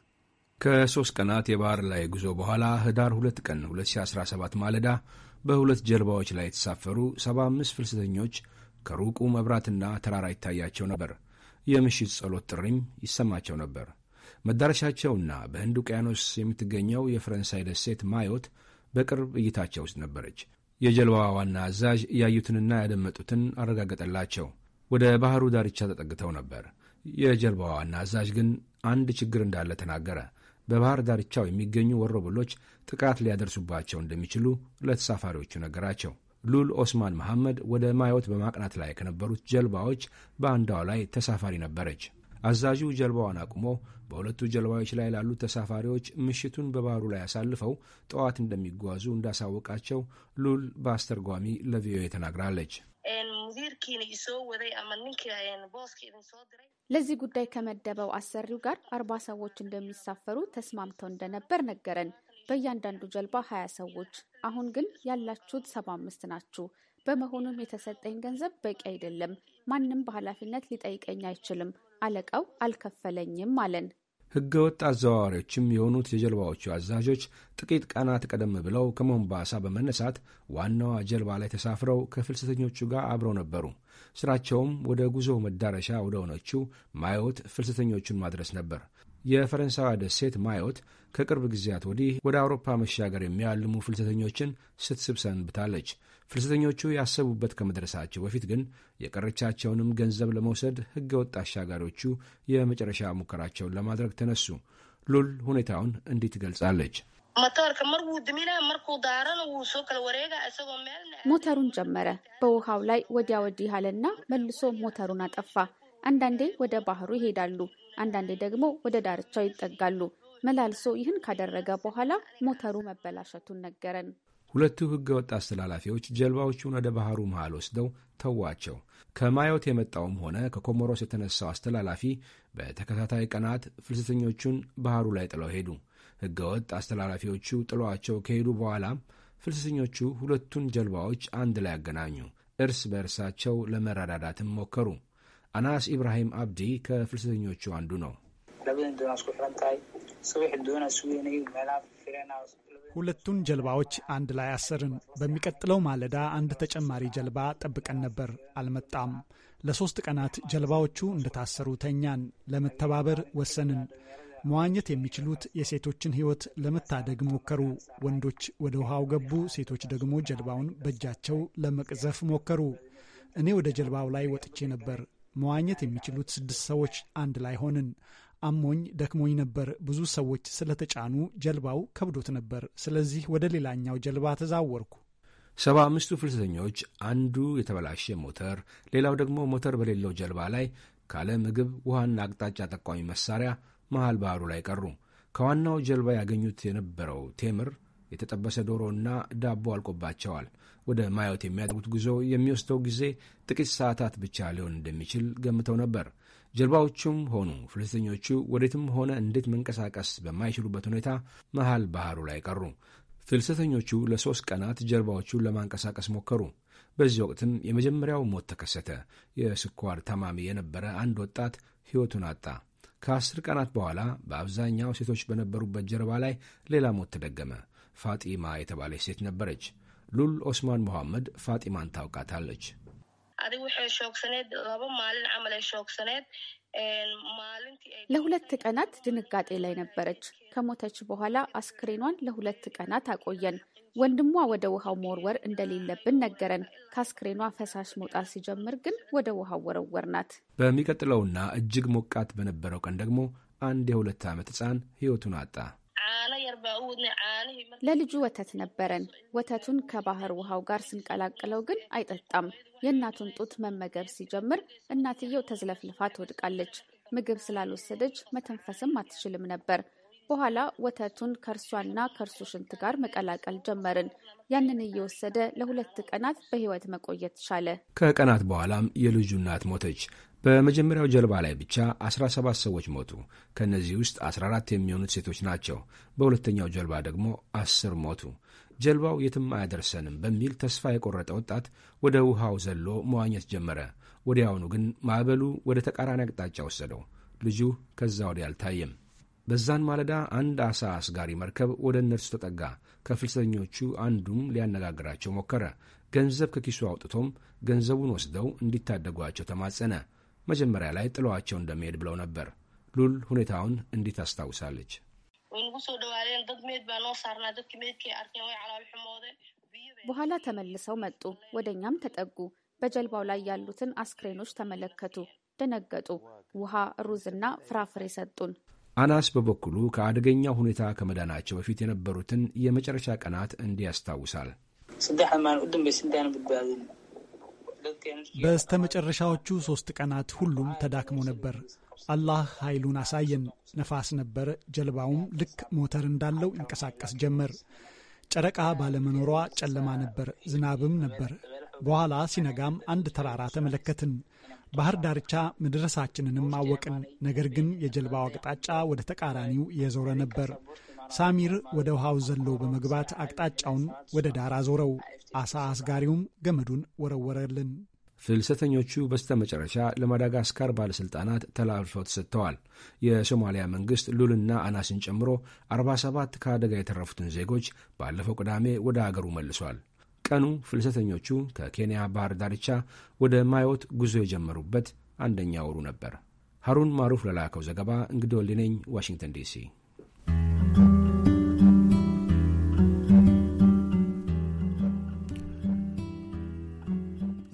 ከሦስት ቀናት የባህር ላይ ጉዞ በኋላ ህዳር 2 ቀን 2017 ማለዳ በሁለት ጀልባዎች ላይ የተሳፈሩ 75 ፍልሰተኞች ከሩቁ መብራትና ተራራ ይታያቸው ነበር። የምሽት ጸሎት ጥሪም ይሰማቸው ነበር። መዳረሻቸውና በህንድ ውቅያኖስ የምትገኘው የፈረንሳይ ደሴት ማዮት በቅርብ እይታቸው ውስጥ ነበረች። የጀልባዋ ዋና አዛዥ ያዩትንና ያደመጡትን አረጋገጠላቸው። ወደ ባህሩ ዳርቻ ተጠግተው ነበር። የጀልባዋ ዋና አዛዥ ግን አንድ ችግር እንዳለ ተናገረ። በባህር ዳርቻው የሚገኙ ወሮበሎች ጥቃት ሊያደርሱባቸው እንደሚችሉ ለተሳፋሪዎቹ ነገራቸው። ሉል ኦስማን መሐመድ ወደ ማዮት በማቅናት ላይ ከነበሩት ጀልባዎች በአንዷ ላይ ተሳፋሪ ነበረች። አዛዡ ጀልባዋን አቁሞ በሁለቱ ጀልባዎች ላይ ላሉ ተሳፋሪዎች ምሽቱን በባህሩ ላይ አሳልፈው ጠዋት እንደሚጓዙ እንዳሳወቃቸው ሉል በአስተርጓሚ ለቪኦኤ ተናግራለች። ለዚህ ጉዳይ ከመደበው አሰሪው ጋር አርባ ሰዎች እንደሚሳፈሩ ተስማምተው እንደነበር ነገረን። በእያንዳንዱ ጀልባ ሀያ ሰዎች፣ አሁን ግን ያላችሁት ሰባ አምስት ናችሁ። በመሆኑም የተሰጠኝ ገንዘብ በቂ አይደለም። ማንም በኃላፊነት ሊጠይቀኝ አይችልም። አለቃው አልከፈለኝም አለን። ሕገወጥ አዘዋዋሪዎችም የሆኑት የጀልባዎቹ አዛዦች ጥቂት ቀናት ቀደም ብለው ከሞምባሳ በመነሳት ዋናዋ ጀልባ ላይ ተሳፍረው ከፍልሰተኞቹ ጋር አብረው ነበሩ። ስራቸውም ወደ ጉዞ መዳረሻ ወደ ሆነችው ማዮት ፍልሰተኞቹን ማድረስ ነበር። የፈረንሳዊ ደሴት ማዮት ከቅርብ ጊዜያት ወዲህ ወደ አውሮፓ መሻገር የሚያልሙ ፍልሰተኞችን ስትስብ ሰንብታለች። ፍልሰተኞቹ ያሰቡበት ከመድረሳቸው በፊት ግን የቀረቻቸውንም ገንዘብ ለመውሰድ ሕገወጥ አሻጋሪዎቹ የመጨረሻ ሙከራቸውን ለማድረግ ተነሱ። ሉል ሁኔታውን እንዲህ ትገልጻለች። ሞተሩን ጀመረ። በውሃው ላይ ወዲያ ወዲህ አለና መልሶ ሞተሩን አጠፋ። አንዳንዴ ወደ ባህሩ ይሄዳሉ፣ አንዳንዴ ደግሞ ወደ ዳርቻው ይጠጋሉ። መላልሶ ይህን ካደረገ በኋላ ሞተሩ መበላሸቱን ነገረን። ሁለቱ ወጥ አስተላላፊዎች ጀልባዎቹን ወደ ባህሩ መሃል ወስደው ተዋቸው። ከማዮት የመጣውም ሆነ ከኮሞሮስ የተነሳው አስተላላፊ በተከታታይ ቀናት ፍልሰተኞቹን ባህሩ ላይ ጥለው ሄዱ። ህገወጥ አስተላላፊዎቹ ጥሏቸው ከሄዱ በኋላም ፍልሰተኞቹ ሁለቱን ጀልባዎች አንድ ላይ አገናኙ። እርስ በእርሳቸው ለመረዳዳትም ሞከሩ። አናስ ኢብራሂም አብዲ ከፍልሰተኞቹ አንዱ ነው። ሁለቱን ጀልባዎች አንድ ላይ አሰርን። በሚቀጥለው ማለዳ አንድ ተጨማሪ ጀልባ ጠብቀን ነበር፣ አልመጣም። ለሶስት ቀናት ጀልባዎቹ እንደታሰሩ ተኛን። ለመተባበር ወሰንን። መዋኘት የሚችሉት የሴቶችን ሕይወት ለመታደግ ሞከሩ። ወንዶች ወደ ውሃው ገቡ፣ ሴቶች ደግሞ ጀልባውን በእጃቸው ለመቅዘፍ ሞከሩ። እኔ ወደ ጀልባው ላይ ወጥቼ ነበር። መዋኘት የሚችሉት ስድስት ሰዎች አንድ ላይ ሆንን። አሞኝ ደክሞኝ ነበር። ብዙ ሰዎች ስለተጫኑ ጀልባው ከብዶት ነበር። ስለዚህ ወደ ሌላኛው ጀልባ ተዛወርኩ። ሰባ አምስቱ ፍልሰተኞች አንዱ የተበላሸ ሞተር፣ ሌላው ደግሞ ሞተር በሌለው ጀልባ ላይ ካለ ምግብ ውሃና አቅጣጫ ጠቋሚ መሳሪያ መሃል ባህሩ ላይ ቀሩ። ከዋናው ጀልባ ያገኙት የነበረው ቴምር፣ የተጠበሰ ዶሮና ዳቦ አልቆባቸዋል። ወደ ማዮት የሚያደርጉት ጉዞ የሚወስደው ጊዜ ጥቂት ሰዓታት ብቻ ሊሆን እንደሚችል ገምተው ነበር። ጀልባዎቹም ሆኑ ፍልሰተኞቹ ወዴትም ሆነ እንዴት መንቀሳቀስ በማይችሉበት ሁኔታ መሃል ባህሩ ላይ ቀሩ። ፍልሰተኞቹ ለሦስት ቀናት ጀልባዎቹን ለማንቀሳቀስ ሞከሩ። በዚህ ወቅትም የመጀመሪያው ሞት ተከሰተ። የስኳር ታማሚ የነበረ አንድ ወጣት ሕይወቱን አጣ። ከአስር ቀናት በኋላ በአብዛኛው ሴቶች በነበሩበት ጀልባ ላይ ሌላ ሞት ተደገመ። ፋጢማ የተባለች ሴት ነበረች። ሉል ኦስማን መሐመድ ፋጢማን ታውቃታለች። adigu waxay shoogsaneed laba maalin camal ay shoogsaneed ለሁለት ቀናት ድንጋጤ ላይ ነበረች። ከሞተች በኋላ አስክሬኗን ለሁለት ቀናት አቆየን። ወንድሟ ወደ ውሃው መወርወር እንደሌለብን ነገረን። ከአስክሬኗ ፈሳሽ መውጣት ሲጀምር ግን ወደ ውሃው ወረወር ናት። በሚቀጥለውና እጅግ ሞቃት በነበረው ቀን ደግሞ አንድ የሁለት ዓመት ሕፃን ሕይወቱን አጣ። ለልጁ ወተት ነበረን። ወተቱን ከባህር ውሃው ጋር ስንቀላቅለው ግን አይጠጣም። የእናቱን ጡት መመገብ ሲጀምር እናትየው ተዝለፍልፋ ትወድቃለች። ምግብ ስላልወሰደች መተንፈስም አትችልም ነበር። በኋላ ወተቱን ከእርሷና ከእርሱ ሽንት ጋር መቀላቀል ጀመርን። ያንን እየወሰደ ለሁለት ቀናት በሕይወት መቆየት ቻለ። ከቀናት በኋላም የልጁ እናት ሞተች። በመጀመሪያው ጀልባ ላይ ብቻ 17 ሰዎች ሞቱ። ከእነዚህ ውስጥ 14 የሚሆኑት ሴቶች ናቸው። በሁለተኛው ጀልባ ደግሞ 10 ሞቱ። ጀልባው የትም አያደርሰንም በሚል ተስፋ የቆረጠ ወጣት ወደ ውሃው ዘሎ መዋኘት ጀመረ። ወዲያውኑ ግን ማዕበሉ ወደ ተቃራኒ አቅጣጫ ወሰደው። ልጁ ከዛ ወዲያ አልታየም። በዛን ማለዳ አንድ አሳ አስጋሪ መርከብ ወደ እነርሱ ተጠጋ። ከፍልሰተኞቹ አንዱም ሊያነጋግራቸው ሞከረ። ገንዘብ ከኪሱ አውጥቶም ገንዘቡን ወስደው እንዲታደጓቸው ተማጸነ። መጀመሪያ ላይ ጥለዋቸው እንደሚሄድ ብለው ነበር። ሉል ሁኔታውን እንዴት አስታውሳለች? በኋላ ተመልሰው መጡ። ወደ እኛም ተጠጉ። በጀልባው ላይ ያሉትን አስክሬኖች ተመለከቱ፣ ደነገጡ። ውሃ፣ ሩዝና ፍራፍሬ ሰጡን። አናስ በበኩሉ ከአደገኛው ሁኔታ ከመዳናቸው በፊት የነበሩትን የመጨረሻ ቀናት እንዲህ ያስታውሳል። በስተመጨረሻዎቹ ሶስት ቀናት ሁሉም ተዳክሞ ነበር። አላህ ኃይሉን አሳየን። ነፋስ ነበር። ጀልባውም ልክ ሞተር እንዳለው ይንቀሳቀስ ጀመር። ጨረቃ ባለመኖሯ ጨለማ ነበር። ዝናብም ነበር። በኋላ ሲነጋም አንድ ተራራ ተመለከትን። ባህር ዳርቻ መድረሳችንንም አወቅን። ነገር ግን የጀልባው አቅጣጫ ወደ ተቃራኒው የዞረ ነበር። ሳሚር ወደ ውሃው ዘሎ በመግባት አቅጣጫውን ወደ ዳር አዞረው። አሳ አስጋሪውም ገመዱን ወረወረልን። ፍልሰተኞቹ በስተመጨረሻ ለማዳጋስካር ባለሥልጣናት ተላልፈው ተሰጥተዋል። የሶማሊያ መንግሥት ሉልና አናስን ጨምሮ 47 ከአደጋ የተረፉትን ዜጎች ባለፈው ቅዳሜ ወደ አገሩ መልሷል። ቀኑ ፍልሰተኞቹ ከኬንያ ባህር ዳርቻ ወደ ማዮት ጉዞ የጀመሩበት አንደኛ ወሩ ነበር። ሐሩን ማሩፍ ለላከው ዘገባ እንግዶ ሊነኝ ዋሽንግተን ዲሲ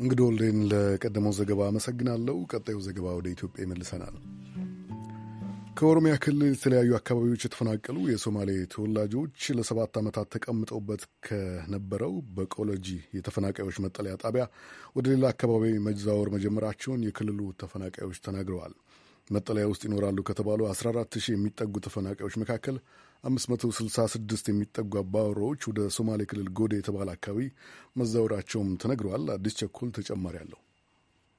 እንግዲህ ወልዴን ለቀደመው ዘገባ አመሰግናለሁ። ቀጣዩ ዘገባ ወደ ኢትዮጵያ ይመልሰናል። ከኦሮሚያ ክልል የተለያዩ አካባቢዎች የተፈናቀሉ የሶማሌ ተወላጆች ለሰባት ዓመታት ተቀምጠውበት ከነበረው በቆሎጂ የተፈናቃዮች መጠለያ ጣቢያ ወደ ሌላ አካባቢ መዛወር መጀመራቸውን የክልሉ ተፈናቃዮች ተናግረዋል። መጠለያ ውስጥ ይኖራሉ ከተባሉ 14 ሺህ የሚጠጉ ተፈናቃዮች መካከል 566 የሚጠጉ አባወራዎች ወደ ሶማሌ ክልል ጎዴ የተባለ አካባቢ መዛወራቸውም ተነግረዋል። አዲስ ቸኮል ተጨማሪ አለው።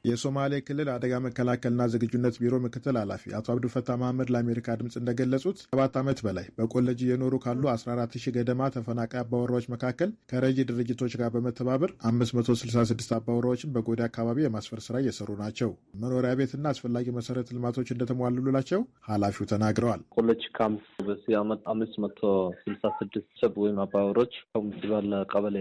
የሶማሌ ክልል አደጋ መከላከልና ዝግጁነት ቢሮ ምክትል ኃላፊ አቶ አብዱልፈታ መሐመድ ለአሜሪካ ድምፅ እንደገለጹት ሰባት ዓመት በላይ በቆለጅ የኖሩ ካሉ 140 ገደማ ተፈናቃይ አባወራዎች መካከል ከረጂ ድርጅቶች ጋር በመተባበር 566 አባወራዎችን በጎዳ አካባቢ የማስፈር ስራ እየሰሩ ናቸው። መኖሪያ ቤትና አስፈላጊ መሰረተ ልማቶች እንደተሟሉላቸው ኃላፊው ተናግረዋል። ቆለጅ ካምፕስ በዚህ ዓመት 566 ወይም አባወራዎች ከምስባል ቀበሌ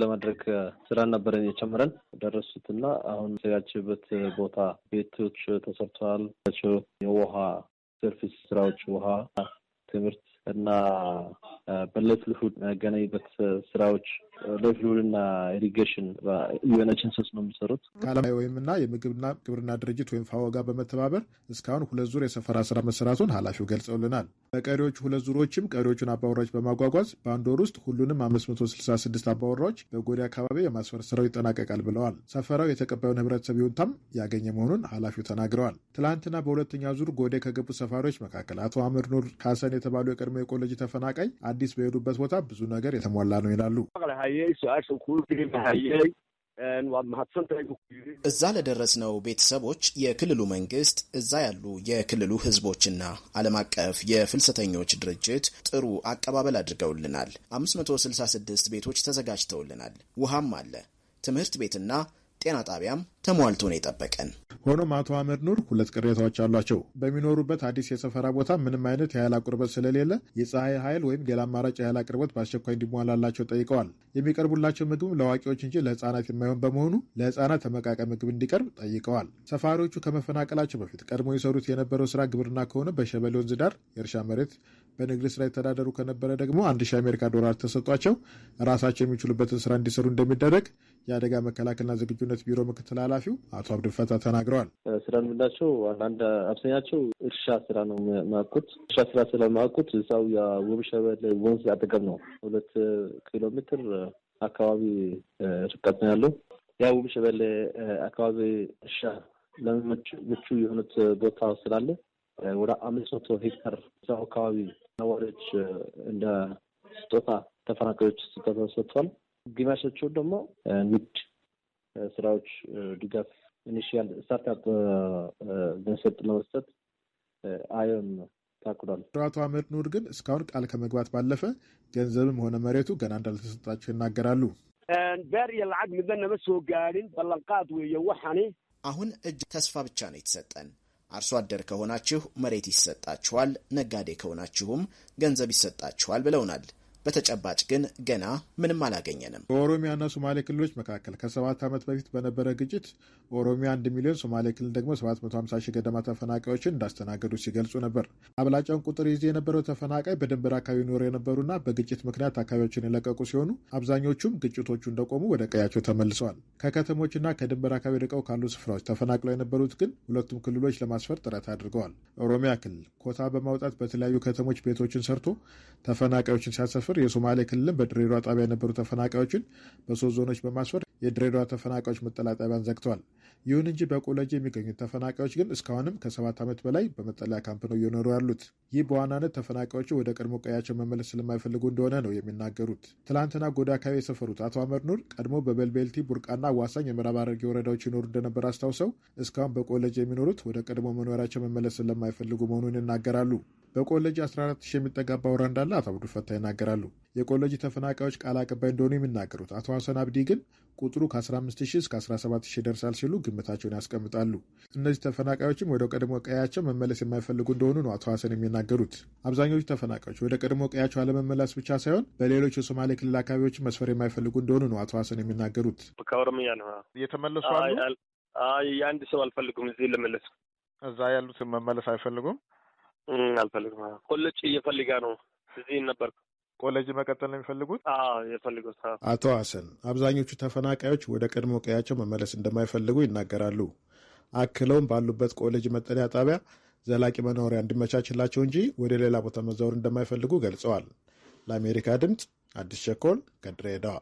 ለማድረግ ስራ ነበረን የጨምረን ደረሱትና አሁን ዘጋጅበት ቦታ ቤቶች ተሰርተዋል። የውሃ ሰርፊስ ስራዎች፣ ውሃ፣ ትምህርት እና በለፍልሁ ያገናኝበት ስራዎች ለፍልሁልና ኢሪጌሽን ዩኤንችን ሰስ ነው የሚሰሩት ከአለማዊ ወይም ና የምግብና ግብርና ድርጅት ወይም ፋኦ ጋር በመተባበር እስካሁን ሁለት ዙር የሰፈራ ስራ መሰራቱን ኃላፊው ገልጸውልናል። በቀሪዎቹ ሁለት ዙሮችም ቀሪዎቹን አባወራዎች በማጓጓዝ በአንድ ወር ውስጥ ሁሉንም 566 አባወራዎች በጎዴ አካባቢ የማስፈር ስራው ይጠናቀቃል ብለዋል። ሰፈራው የተቀባዩን ህብረተሰብ ይሁንታም ያገኘ መሆኑን ኃላፊው ተናግረዋል። ትናንትና በሁለተኛ ዙር ጎዴ ከገቡ ሰፋሪዎች መካከል አቶ አምር ኑር ካሰን የተባሉ የቀድ የቀድሞ የኮሌጅ ተፈናቃይ አዲስ በሄዱበት ቦታ ብዙ ነገር የተሟላ ነው ይላሉ። እዛ ለደረስነው ቤተሰቦች የክልሉ መንግስት፣ እዛ ያሉ የክልሉ ህዝቦችና ዓለም አቀፍ የፍልሰተኞች ድርጅት ጥሩ አቀባበል አድርገውልናል። 566 ቤቶች ተዘጋጅተውልናል። ውሃም አለ። ትምህርት ቤትና ጤና ጣቢያም ተሟልቶ ነው የጠበቀን። ሆኖም አቶ አህመድ ኑር ሁለት ቅሬታዎች አሏቸው። በሚኖሩበት አዲስ የሰፈራ ቦታ ምንም አይነት የኃይል አቅርቦት ስለሌለ የፀሐይ ኃይል ወይም ሌላ አማራጭ የኃይል አቅርቦት በአስቸኳይ እንዲሟላላቸው ጠይቀዋል። የሚቀርቡላቸው ምግብም ለአዋቂዎች እንጂ ለህፃናት የማይሆን በመሆኑ ለህፃናት ተመቃቀ ምግብ እንዲቀርብ ጠይቀዋል። ሰፋሪዎቹ ከመፈናቀላቸው በፊት ቀድሞ የሰሩት የነበረው ስራ ግብርና ከሆነ በሸበሌ ወንዝ ዳር የእርሻ መሬት በንግድ ስራ የተዳደሩ ከነበረ ደግሞ አንድ ሺህ አሜሪካ ዶላር ተሰጧቸው ራሳቸው የሚችሉበትን ስራ እንዲሰሩ እንደሚደረግ የአደጋ መከላከልና ዝግጁነት ቢሮ ምክትል ኃላፊው አቶ አብዱልፈታ ተናግረዋል። ስራ የምላቸው አንዳንድ አብዛኛቸው እርሻ ስራ ነው የሚያውቁት። እርሻ ስራ ስለማያውቁት እዛው የውብሸበል ወንዝ አጠገብ ነው ሁለት ኪሎ ሜትር አካባቢ ርቀት ነው ያለው። ያ ውብሸበል አካባቢ እርሻ ለምቹ የሆኑት ቦታ ስላለ ወደ አምስት መቶ ሄክተር እዛው አካባቢ ነዋሪዎች እንደ ስጦታ ተፈናቃዮች ስጦታ ሰጥቷል። ግማሾቹ ደግሞ ንግድ ስራዎች ድጋፍ ኢኒሺያል ስታርታፕ ገንሰጥ ለመስጠት አዮን ታቅዷል። አቶ አህመድ ኑር ግን እስካሁን ቃል ከመግባት ባለፈ ገንዘብም ሆነ መሬቱ ገና እንዳልተሰጣቸው ይናገራሉ። በር የላዓግ ምዘነበ ሶ ጋሪን በለንቃት ወየ ወሐኒ አሁን እጅ ተስፋ ብቻ ነው የተሰጠን አርሶ አደር ከሆናችሁ መሬት ይሰጣችኋል፣ ነጋዴ ከሆናችሁም ገንዘብ ይሰጣችኋል ብለውናል። በተጨባጭ ግን ገና ምንም አላገኘንም። በኦሮሚያና ሶማሌ ክልሎች መካከል ከሰባት ዓመት በፊት በነበረ ግጭት ኦሮሚያ አንድ ሚሊዮን ሶማሌ ክልል ደግሞ 750 ሺህ ገደማ ተፈናቃዮችን እንዳስተናገዱ ሲገልጹ ነበር። አብላጫውን ቁጥር ይዜ የነበረው ተፈናቃይ በድንበር አካባቢ ኖር የነበሩና በግጭት ምክንያት አካባቢዎችን የለቀቁ ሲሆኑ አብዛኞቹም ግጭቶቹ እንደቆሙ ወደ ቀያቸው ተመልሰዋል። ከከተሞችና ከድንበር አካባቢ ርቀው ካሉ ስፍራዎች ተፈናቅለው የነበሩት ግን ሁለቱም ክልሎች ለማስፈር ጥረት አድርገዋል። ኦሮሚያ ክልል ኮታ በማውጣት በተለያዩ ከተሞች ቤቶችን ሰርቶ ተፈናቃዮችን ሲያሰፍር በማስፈር የሶማሌ ክልልን በድሬዳዋ ጣቢያ የነበሩ ተፈናቃዮችን በሶስት ዞኖች በማስፈር የድሬዳዋ ተፈናቃዮች መጠለያ ጣቢያን ዘግተዋል። ይሁን እንጂ በቆለጅ የሚገኙት ተፈናቃዮች ግን እስካሁንም ከሰባት ዓመት በላይ በመጠለያ ካምፕ ነው እየኖሩ ያሉት። ይህ በዋናነት ተፈናቃዮቹ ወደ ቀድሞ ቀያቸው መመለስ ስለማይፈልጉ እንደሆነ ነው የሚናገሩት። ትናንትና ጎዳ አካባቢ የሰፈሩት አቶ አህመድ ኑር ቀድሞ በበልቤልቲ ቡርቃና ዋሳኝ የምዕራብ ሐረርጌ ወረዳዎች ይኖሩ እንደነበር አስታውሰው እስካሁን በቆለጅ የሚኖሩት ወደ ቀድሞ መኖሪያቸው መመለስ ስለማይፈልጉ መሆኑን ይናገራሉ። በቆለጅ 14 ሺህ የሚጠጋ አባወራ እንዳለ አቶ አብዱል ፈታ ይናገራሉ። የቆለጅ ተፈናቃዮች ቃል አቀባይ እንደሆኑ የሚናገሩት አቶ ሀሰን አብዲ ግን ቁጥሩ ከ15 ሺህ እስከ 17 ሺህ ይደርሳል ሲሉ ግምታቸውን ያስቀምጣሉ። እነዚህ ተፈናቃዮችም ወደ ቀድሞ ቀያቸው መመለስ የማይፈልጉ እንደሆኑ ነው አቶ ሀሰን የሚናገሩት። አብዛኞቹ ተፈናቃዮች ወደ ቀድሞ ቀያቸው አለመመለስ ብቻ ሳይሆን በሌሎች የሶማሌ ክልል አካባቢዎች መስፈር የማይፈልጉ እንደሆኑ ነው አቶ ሀሰን የሚናገሩት። ከኦሮሚያ ነው የተመለሱ አሉ። የአንድ ሰው አልፈልጉም እዚህ ልመለስ እዛ ያሉትን መመለስ አይፈልጉም አልፈልግም። ኮለጭ እየፈልጋ ነው እዚህ ነበርኩ ኮሌጅ መቀጠል ነው የሚፈልጉት የፈልጉት። አቶ ሀሰን አብዛኞቹ ተፈናቃዮች ወደ ቀድሞ ቀያቸው መመለስ እንደማይፈልጉ ይናገራሉ። አክለውም ባሉበት ኮሌጅ መጠለያ ጣቢያ ዘላቂ መኖሪያ እንዲመቻችላቸው እንጂ ወደ ሌላ ቦታ መዛወር እንደማይፈልጉ ገልጸዋል። ለአሜሪካ ድምፅ አዲስ ቸኮል ከድሬዳዋ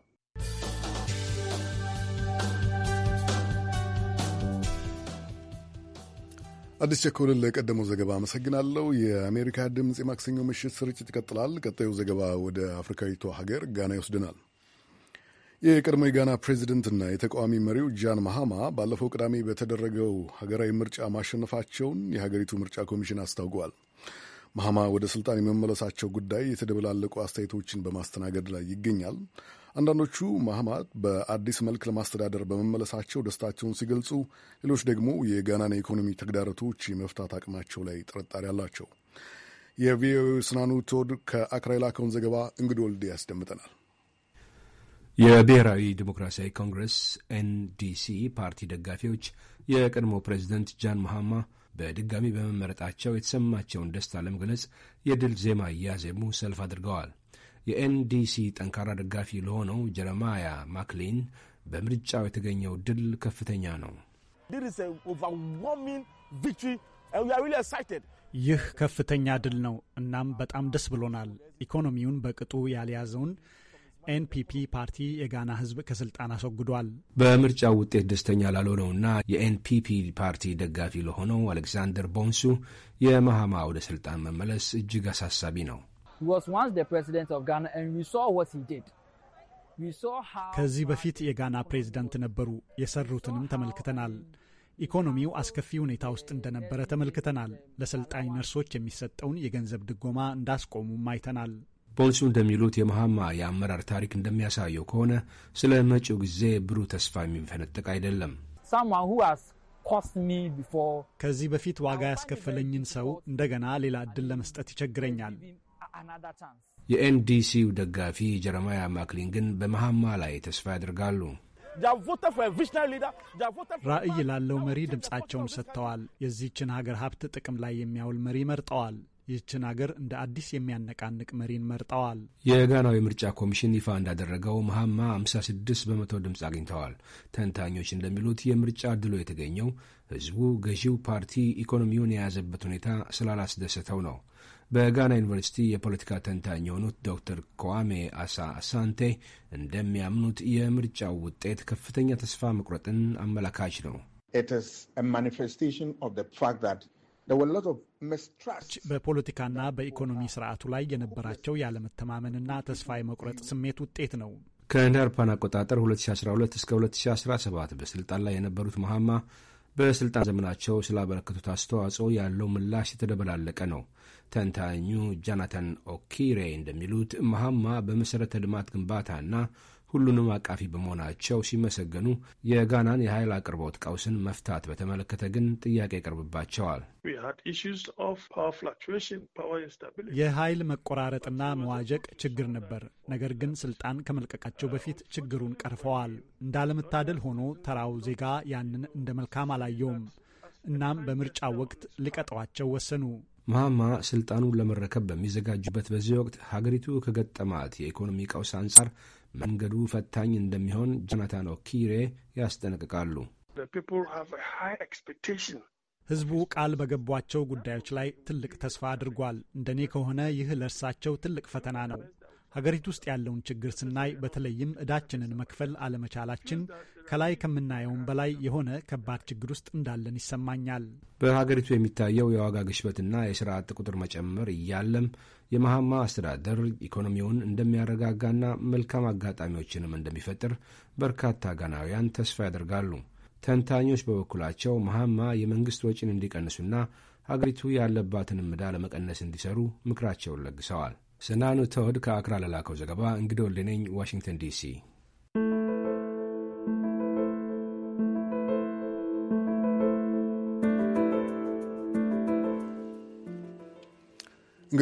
አዲስ ቸኮልን ለቀደመው ዘገባ አመሰግናለሁ። የአሜሪካ ድምፅ የማክሰኞ ምሽት ስርጭት ይቀጥላል። ቀጣዩ ዘገባ ወደ አፍሪካዊቷ ሀገር ጋና ይወስደናል። የቀድሞ የጋና ፕሬዚደንትና የተቃዋሚ መሪው ጃን መሃማ ባለፈው ቅዳሜ በተደረገው ሀገራዊ ምርጫ ማሸነፋቸውን የሀገሪቱ ምርጫ ኮሚሽን አስታውቀዋል። መሃማ ወደ ስልጣን የመመለሳቸው ጉዳይ የተደበላለቁ አስተያየቶችን በማስተናገድ ላይ ይገኛል። አንዳንዶቹ ማህማት በአዲስ መልክ ለማስተዳደር በመመለሳቸው ደስታቸውን ሲገልጹ፣ ሌሎች ደግሞ የጋናን የኢኮኖሚ ተግዳሮቶች የመፍታት አቅማቸው ላይ ጥርጣሬ አላቸው። የቪኦኤ ስናኑ ቶድ ከአክራ የላከውን ዘገባ እንግድ ወልድ ያስደምጠናል። የብሔራዊ ዲሞክራሲያዊ ኮንግረስ ኤንዲሲ ፓርቲ ደጋፊዎች የቀድሞ ፕሬዚደንት ጃን መሃማ በድጋሚ በመመረጣቸው የተሰማቸውን ደስታ ለመግለጽ የድል ዜማ እያዜሙ ሰልፍ አድርገዋል። የኤንዲሲ ጠንካራ ደጋፊ ለሆነው ጀረማያ ማክሊን በምርጫው የተገኘው ድል ከፍተኛ ነው። ይህ ከፍተኛ ድል ነው። እናም በጣም ደስ ብሎናል። ኢኮኖሚውን በቅጡ ያልያዘውን ኤንፒፒ ፓርቲ የጋና ሕዝብ ከስልጣን አስወግዷል። በምርጫው ውጤት ደስተኛ ላልሆነውና የኤንፒፒ ፓርቲ ደጋፊ ለሆነው አሌክዛንደር ቦንሱ የመሃማ ወደ ስልጣን መመለስ እጅግ አሳሳቢ ነው። He was once the president of Ghana and we saw what he did. ከዚህ በፊት የጋና ፕሬዝዳንት ነበሩ። የሰሩትንም ተመልክተናል። ኢኮኖሚው አስከፊ ሁኔታ ውስጥ እንደነበረ ተመልክተናል። ለሰልጣኝ ነርሶች የሚሰጠውን የገንዘብ ድጎማ እንዳስቆሙም አይተናል። ቦንሱ እንደሚሉት የመሃማ የአመራር ታሪክ እንደሚያሳየው ከሆነ ስለ መጪው ጊዜ ብሩህ ተስፋ የሚፈነጥቅ አይደለም። ከዚህ በፊት ዋጋ ያስከፈለኝን ሰው እንደገና ሌላ ዕድል ለመስጠት ይቸግረኛል። የኤንዲሲው ደጋፊ ጀረማያ ማክሊን ግን በመሐማ ላይ ተስፋ ያደርጋሉ። ራዕይ ላለው መሪ ድምፃቸውን ሰጥተዋል። የዚህችን ሀገር ሀብት ጥቅም ላይ የሚያውል መሪ መርጠዋል። ይህችን ሀገር እንደ አዲስ የሚያነቃንቅ መሪን መርጠዋል። የጋናው የምርጫ ኮሚሽን ይፋ እንዳደረገው መሐማ 56 በመቶ ድምፅ አግኝተዋል። ተንታኞች እንደሚሉት የምርጫ ድሎ የተገኘው ህዝቡ ገዢው ፓርቲ ኢኮኖሚውን የያዘበት ሁኔታ ስላላስደሰተው ነው። በጋና ዩኒቨርሲቲ የፖለቲካ ተንታኝ የሆኑት ዶክተር ኮዋሜ አሳ አሳንቴ እንደሚያምኑት የምርጫው ውጤት ከፍተኛ ተስፋ መቁረጥን አመላካች ነው። በፖለቲካና በኢኮኖሚ ስርዓቱ ላይ የነበራቸው ያለመተማመንና ተስፋ የመቁረጥ ስሜት ውጤት ነው። ከእንደ አውሮፓውያን አቆጣጠር 2012 እስከ 2017 በስልጣን ላይ የነበሩት መሐማ በስልጣን ዘመናቸው ስላበረከቱት አስተዋጽኦ ያለው ምላሽ የተደበላለቀ ነው። ተንታኙ ጃናታን ኦኪሬ እንደሚሉት መሐማ በመሠረተ ልማት ግንባታና ሁሉንም አቃፊ በመሆናቸው ሲመሰገኑ የጋናን የኃይል አቅርቦት ቀውስን መፍታት በተመለከተ ግን ጥያቄ ይቀርብባቸዋል። የኃይል መቆራረጥና መዋዠቅ ችግር ነበር። ነገር ግን ስልጣን ከመልቀቃቸው በፊት ችግሩን ቀርፈዋል። እንዳለመታደል ሆኖ ተራው ዜጋ ያንን እንደ መልካም አላየውም። እናም በምርጫ ወቅት ሊቀጠዋቸው ወሰኑ። ማሃማ ስልጣኑን ለመረከብ በሚዘጋጁበት በዚህ ወቅት ሀገሪቱ ከገጠማት የኢኮኖሚ ቀውስ አንጻር መንገዱ ፈታኝ እንደሚሆን ጆናታን ኦኪሬ ያስጠነቅቃሉ። ሕዝቡ ቃል በገቧቸው ጉዳዮች ላይ ትልቅ ተስፋ አድርጓል። እንደኔ ከሆነ ይህ ለእርሳቸው ትልቅ ፈተና ነው። ሀገሪቱ ውስጥ ያለውን ችግር ስናይ በተለይም እዳችንን መክፈል አለመቻላችን ከላይ ከምናየውም በላይ የሆነ ከባድ ችግር ውስጥ እንዳለን ይሰማኛል። በሀገሪቱ የሚታየው የዋጋ ግሽበትና የስራ አጥ ቁጥር መጨመር እያለም የመሐማ አስተዳደር ኢኮኖሚውን እንደሚያረጋጋና መልካም አጋጣሚዎችንም እንደሚፈጥር በርካታ ጋናውያን ተስፋ ያደርጋሉ። ተንታኞች በበኩላቸው መሐማ የመንግስት ወጪን እንዲቀንሱና ሀገሪቱ ያለባትን ዕዳ ለመቀነስ እንዲሰሩ ምክራቸውን ለግሰዋል። ሰናኑ ተወድ ከአክራ ለላከው ዘገባ እንግዶ ልነኝ ዋሽንግተን ዲሲ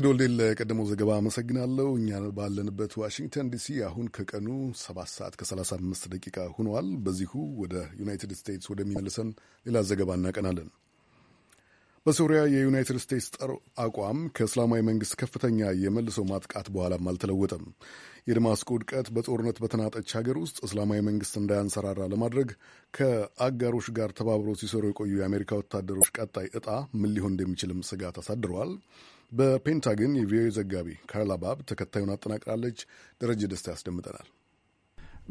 እንግዲህ ወልዴ ለቀደመው ዘገባ አመሰግናለሁ። እኛ ባለንበት ዋሽንግተን ዲሲ አሁን ከቀኑ 7 ሰዓት ከ35 ደቂቃ ሆኗል። በዚሁ ወደ ዩናይትድ ስቴትስ ወደሚመልሰን ሌላ ዘገባ እናቀናለን። በሶሪያ የዩናይትድ ስቴትስ ጦር አቋም ከእስላማዊ መንግስት ከፍተኛ የመልሶ ማጥቃት በኋላም አልተለወጠም። የደማስቆ ውድቀት በጦርነት በተናጠች ሀገር ውስጥ እስላማዊ መንግስት እንዳያንሰራራ ለማድረግ ከአጋሮች ጋር ተባብሮ ሲሰሩ የቆዩ የአሜሪካ ወታደሮች ቀጣይ ዕጣ ምን ሊሆን እንደሚችልም ስጋት አሳድረዋል። በፔንታግን የቪኦኤ ዘጋቢ ካርላ ባብ ተከታዩን አጠናቅራለች። ደረጀ ደስታ ያስደምጠናል።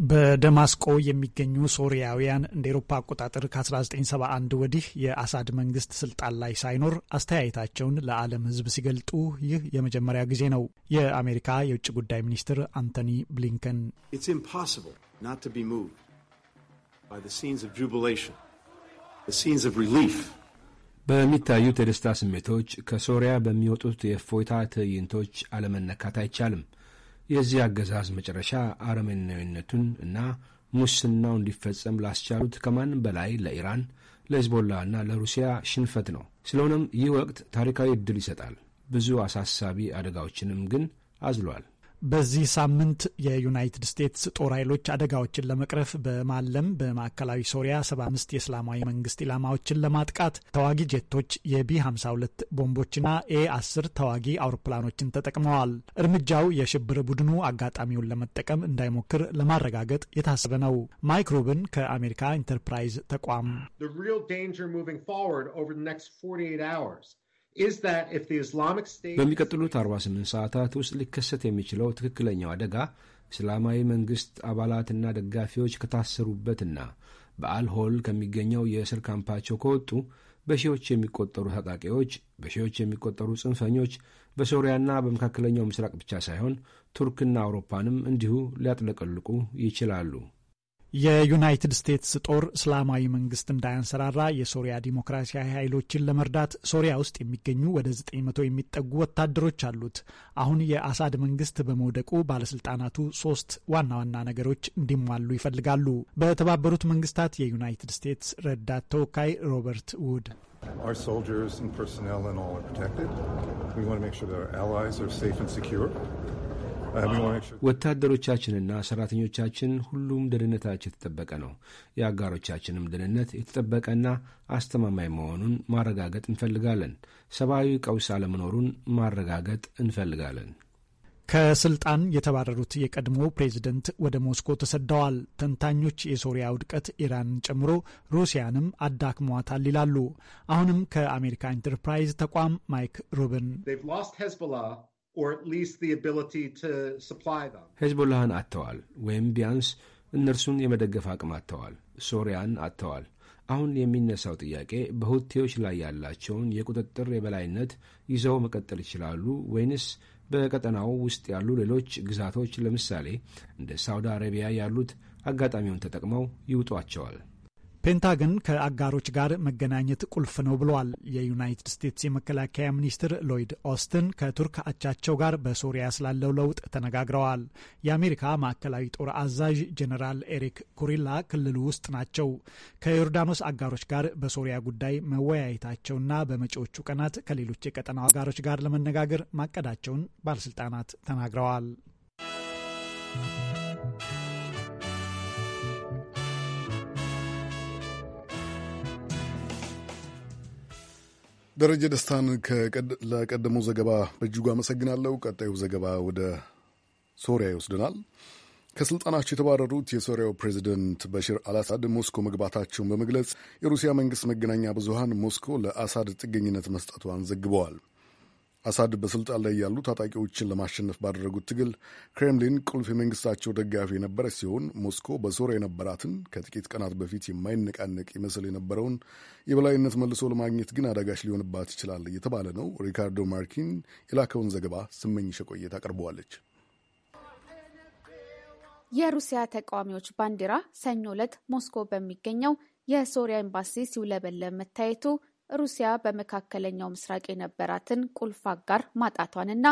በደማስቆ የሚገኙ ሶሪያውያን እንደ ኤሮፓ አቆጣጠር ከ1971 ወዲህ የአሳድ መንግስት ስልጣን ላይ ሳይኖር አስተያየታቸውን ለዓለም ሕዝብ ሲገልጡ ይህ የመጀመሪያ ጊዜ ነው። የአሜሪካ የውጭ ጉዳይ ሚኒስትር አንቶኒ ብሊንከን ስ በሚታዩት የደስታ ስሜቶች ከሶሪያ በሚወጡት የእፎይታ ትዕይንቶች አለመነካት አይቻልም። የዚህ አገዛዝ መጨረሻ አረመናዊነቱን እና ሙስናው እንዲፈጸም ላስቻሉት ከማንም በላይ ለኢራን ለሂዝቦላ እና ለሩሲያ ሽንፈት ነው። ስለሆነም ይህ ወቅት ታሪካዊ ዕድል ይሰጣል። ብዙ አሳሳቢ አደጋዎችንም ግን አዝሏል። በዚህ ሳምንት የዩናይትድ ስቴትስ ጦር ኃይሎች አደጋዎችን ለመቅረፍ በማለም በማዕከላዊ ሶሪያ 75 የእስላማዊ መንግስት ኢላማዎችን ለማጥቃት ተዋጊ ጄቶች፣ የቢ 52 ቦምቦችና ኤ 10 ተዋጊ አውሮፕላኖችን ተጠቅመዋል። እርምጃው የሽብር ቡድኑ አጋጣሚውን ለመጠቀም እንዳይሞክር ለማረጋገጥ የታሰበ ነው። ማይክ ሩብን ከአሜሪካ ኢንተርፕራይዝ ተቋም በሚቀጥሉት 48 ሰዓታት ውስጥ ሊከሰት የሚችለው ትክክለኛው አደጋ እስላማዊ መንግሥት አባላትና ደጋፊዎች ከታሰሩበትና በአልሆል ከሚገኘው የእስር ካምፓቸው ከወጡ በሺዎች የሚቆጠሩ ታጣቂዎች፣ በሺዎች የሚቆጠሩ ጽንፈኞች በሶሪያና በመካከለኛው ምስራቅ ብቻ ሳይሆን ቱርክና አውሮፓንም እንዲሁ ሊያጥለቀልቁ ይችላሉ። የዩናይትድ ስቴትስ ጦር እስላማዊ መንግስት እንዳያንሰራራ የሶሪያ ዲሞክራሲያዊ ኃይሎችን ለመርዳት ሶሪያ ውስጥ የሚገኙ ወደ 900 የሚጠጉ ወታደሮች አሉት። አሁን የአሳድ መንግስት በመውደቁ ባለስልጣናቱ ሶስት ዋና ዋና ነገሮች እንዲሟሉ ይፈልጋሉ። በተባበሩት መንግስታት የዩናይትድ ስቴትስ ረዳት ተወካይ ሮበርት ውድ ሶልጀርስ ፐርሶኔል ፕሮቴክትድ ዊ ዋንት ሜክ ሹር አላይስ አር ሴፍ ኤንድ ወታደሮቻችንና ሰራተኞቻችን ሁሉም ደህንነታቸው የተጠበቀ ነው። የአጋሮቻችንም ደህንነት የተጠበቀና አስተማማኝ መሆኑን ማረጋገጥ እንፈልጋለን። ሰብአዊ ቀውስ አለመኖሩን ማረጋገጥ እንፈልጋለን። ከስልጣን የተባረሩት የቀድሞ ፕሬዝደንት ወደ ሞስኮ ተሰደዋል። ተንታኞች የሶሪያ ውድቀት ኢራንን ጨምሮ ሩሲያንም አዳክሟታል ይላሉ። አሁንም ከአሜሪካ ኢንተርፕራይዝ ተቋም ማይክ ሩብን ሄዝቦላህን አጥተዋል፣ ወይም ቢያንስ እነርሱን የመደገፍ አቅም አጥተዋል። ሶሪያን አጥተዋል። አሁን የሚነሳው ጥያቄ በሁቴዎች ላይ ያላቸውን የቁጥጥር የበላይነት ይዘው መቀጠል ይችላሉ ወይንስ በቀጠናው ውስጥ ያሉ ሌሎች ግዛቶች ለምሳሌ እንደ ሳውዲ አረቢያ ያሉት አጋጣሚውን ተጠቅመው ይውጧቸዋል? ፔንታገን ከአጋሮች ጋር መገናኘት ቁልፍ ነው ብለዋል። የዩናይትድ ስቴትስ የመከላከያ ሚኒስትር ሎይድ ኦስትን ከቱርክ አቻቸው ጋር በሶሪያ ስላለው ለውጥ ተነጋግረዋል። የአሜሪካ ማዕከላዊ ጦር አዛዥ ጀነራል ኤሪክ ኩሪላ ክልሉ ውስጥ ናቸው። ከዮርዳኖስ አጋሮች ጋር በሶሪያ ጉዳይ መወያየታቸውና በመጪዎቹ ቀናት ከሌሎች የቀጠናው አጋሮች ጋር ለመነጋገር ማቀዳቸውን ባለስልጣናት ተናግረዋል። ደረጀ ደስታን ለቀደመው ዘገባ በእጅጉ አመሰግናለሁ። ቀጣዩ ዘገባ ወደ ሶሪያ ይወስደናል። ከስልጣናቸው የተባረሩት የሶሪያው ፕሬዚደንት በሽር አልአሳድ ሞስኮ መግባታቸውን በመግለጽ የሩሲያ መንግስት መገናኛ ብዙሃን ሞስኮ ለአሳድ ጥገኝነት መስጠቷን ዘግበዋል። አሳድ በስልጣን ላይ ያሉ ታጣቂዎችን ለማሸነፍ ባደረጉት ትግል ክሬምሊን ቁልፍ የመንግስታቸው ደጋፊ የነበረች ሲሆን ሞስኮ በሶሪያ የነበራትን ከጥቂት ቀናት በፊት የማይነቃነቅ ይመስል የነበረውን የበላይነት መልሶ ለማግኘት ግን አዳጋች ሊሆንባት ይችላል እየተባለ ነው። ሪካርዶ ማርኪን የላከውን ዘገባ ስመኝሽ ቆየት አቅርበዋለች። የሩሲያ ተቃዋሚዎች ባንዲራ ሰኞ ዕለት ሞስኮ በሚገኘው የሶሪያ ኤምባሲ ሲውለበለብ መታየቱ ሩሲያ በመካከለኛው ምስራቅ የነበራትን ቁልፍ አጋር ማጣቷንና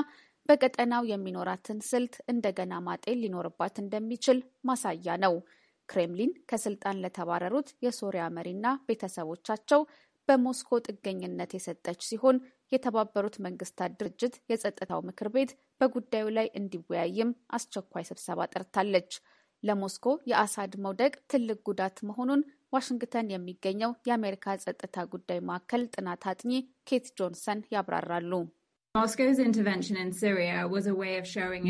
በቀጠናው የሚኖራትን ስልት እንደገና ማጤን ሊኖርባት እንደሚችል ማሳያ ነው። ክሬምሊን ከስልጣን ለተባረሩት የሶሪያ መሪና ቤተሰቦቻቸው በሞስኮ ጥገኝነት የሰጠች ሲሆን የተባበሩት መንግስታት ድርጅት የጸጥታው ምክር ቤት በጉዳዩ ላይ እንዲወያይም አስቸኳይ ስብሰባ ጠርታለች። ለሞስኮ የአሳድ መውደቅ ትልቅ ጉዳት መሆኑን ዋሽንግተን የሚገኘው የአሜሪካ ጸጥታ ጉዳይ ማዕከል ጥናት አጥኚ ኬት ጆንሰን ያብራራሉ።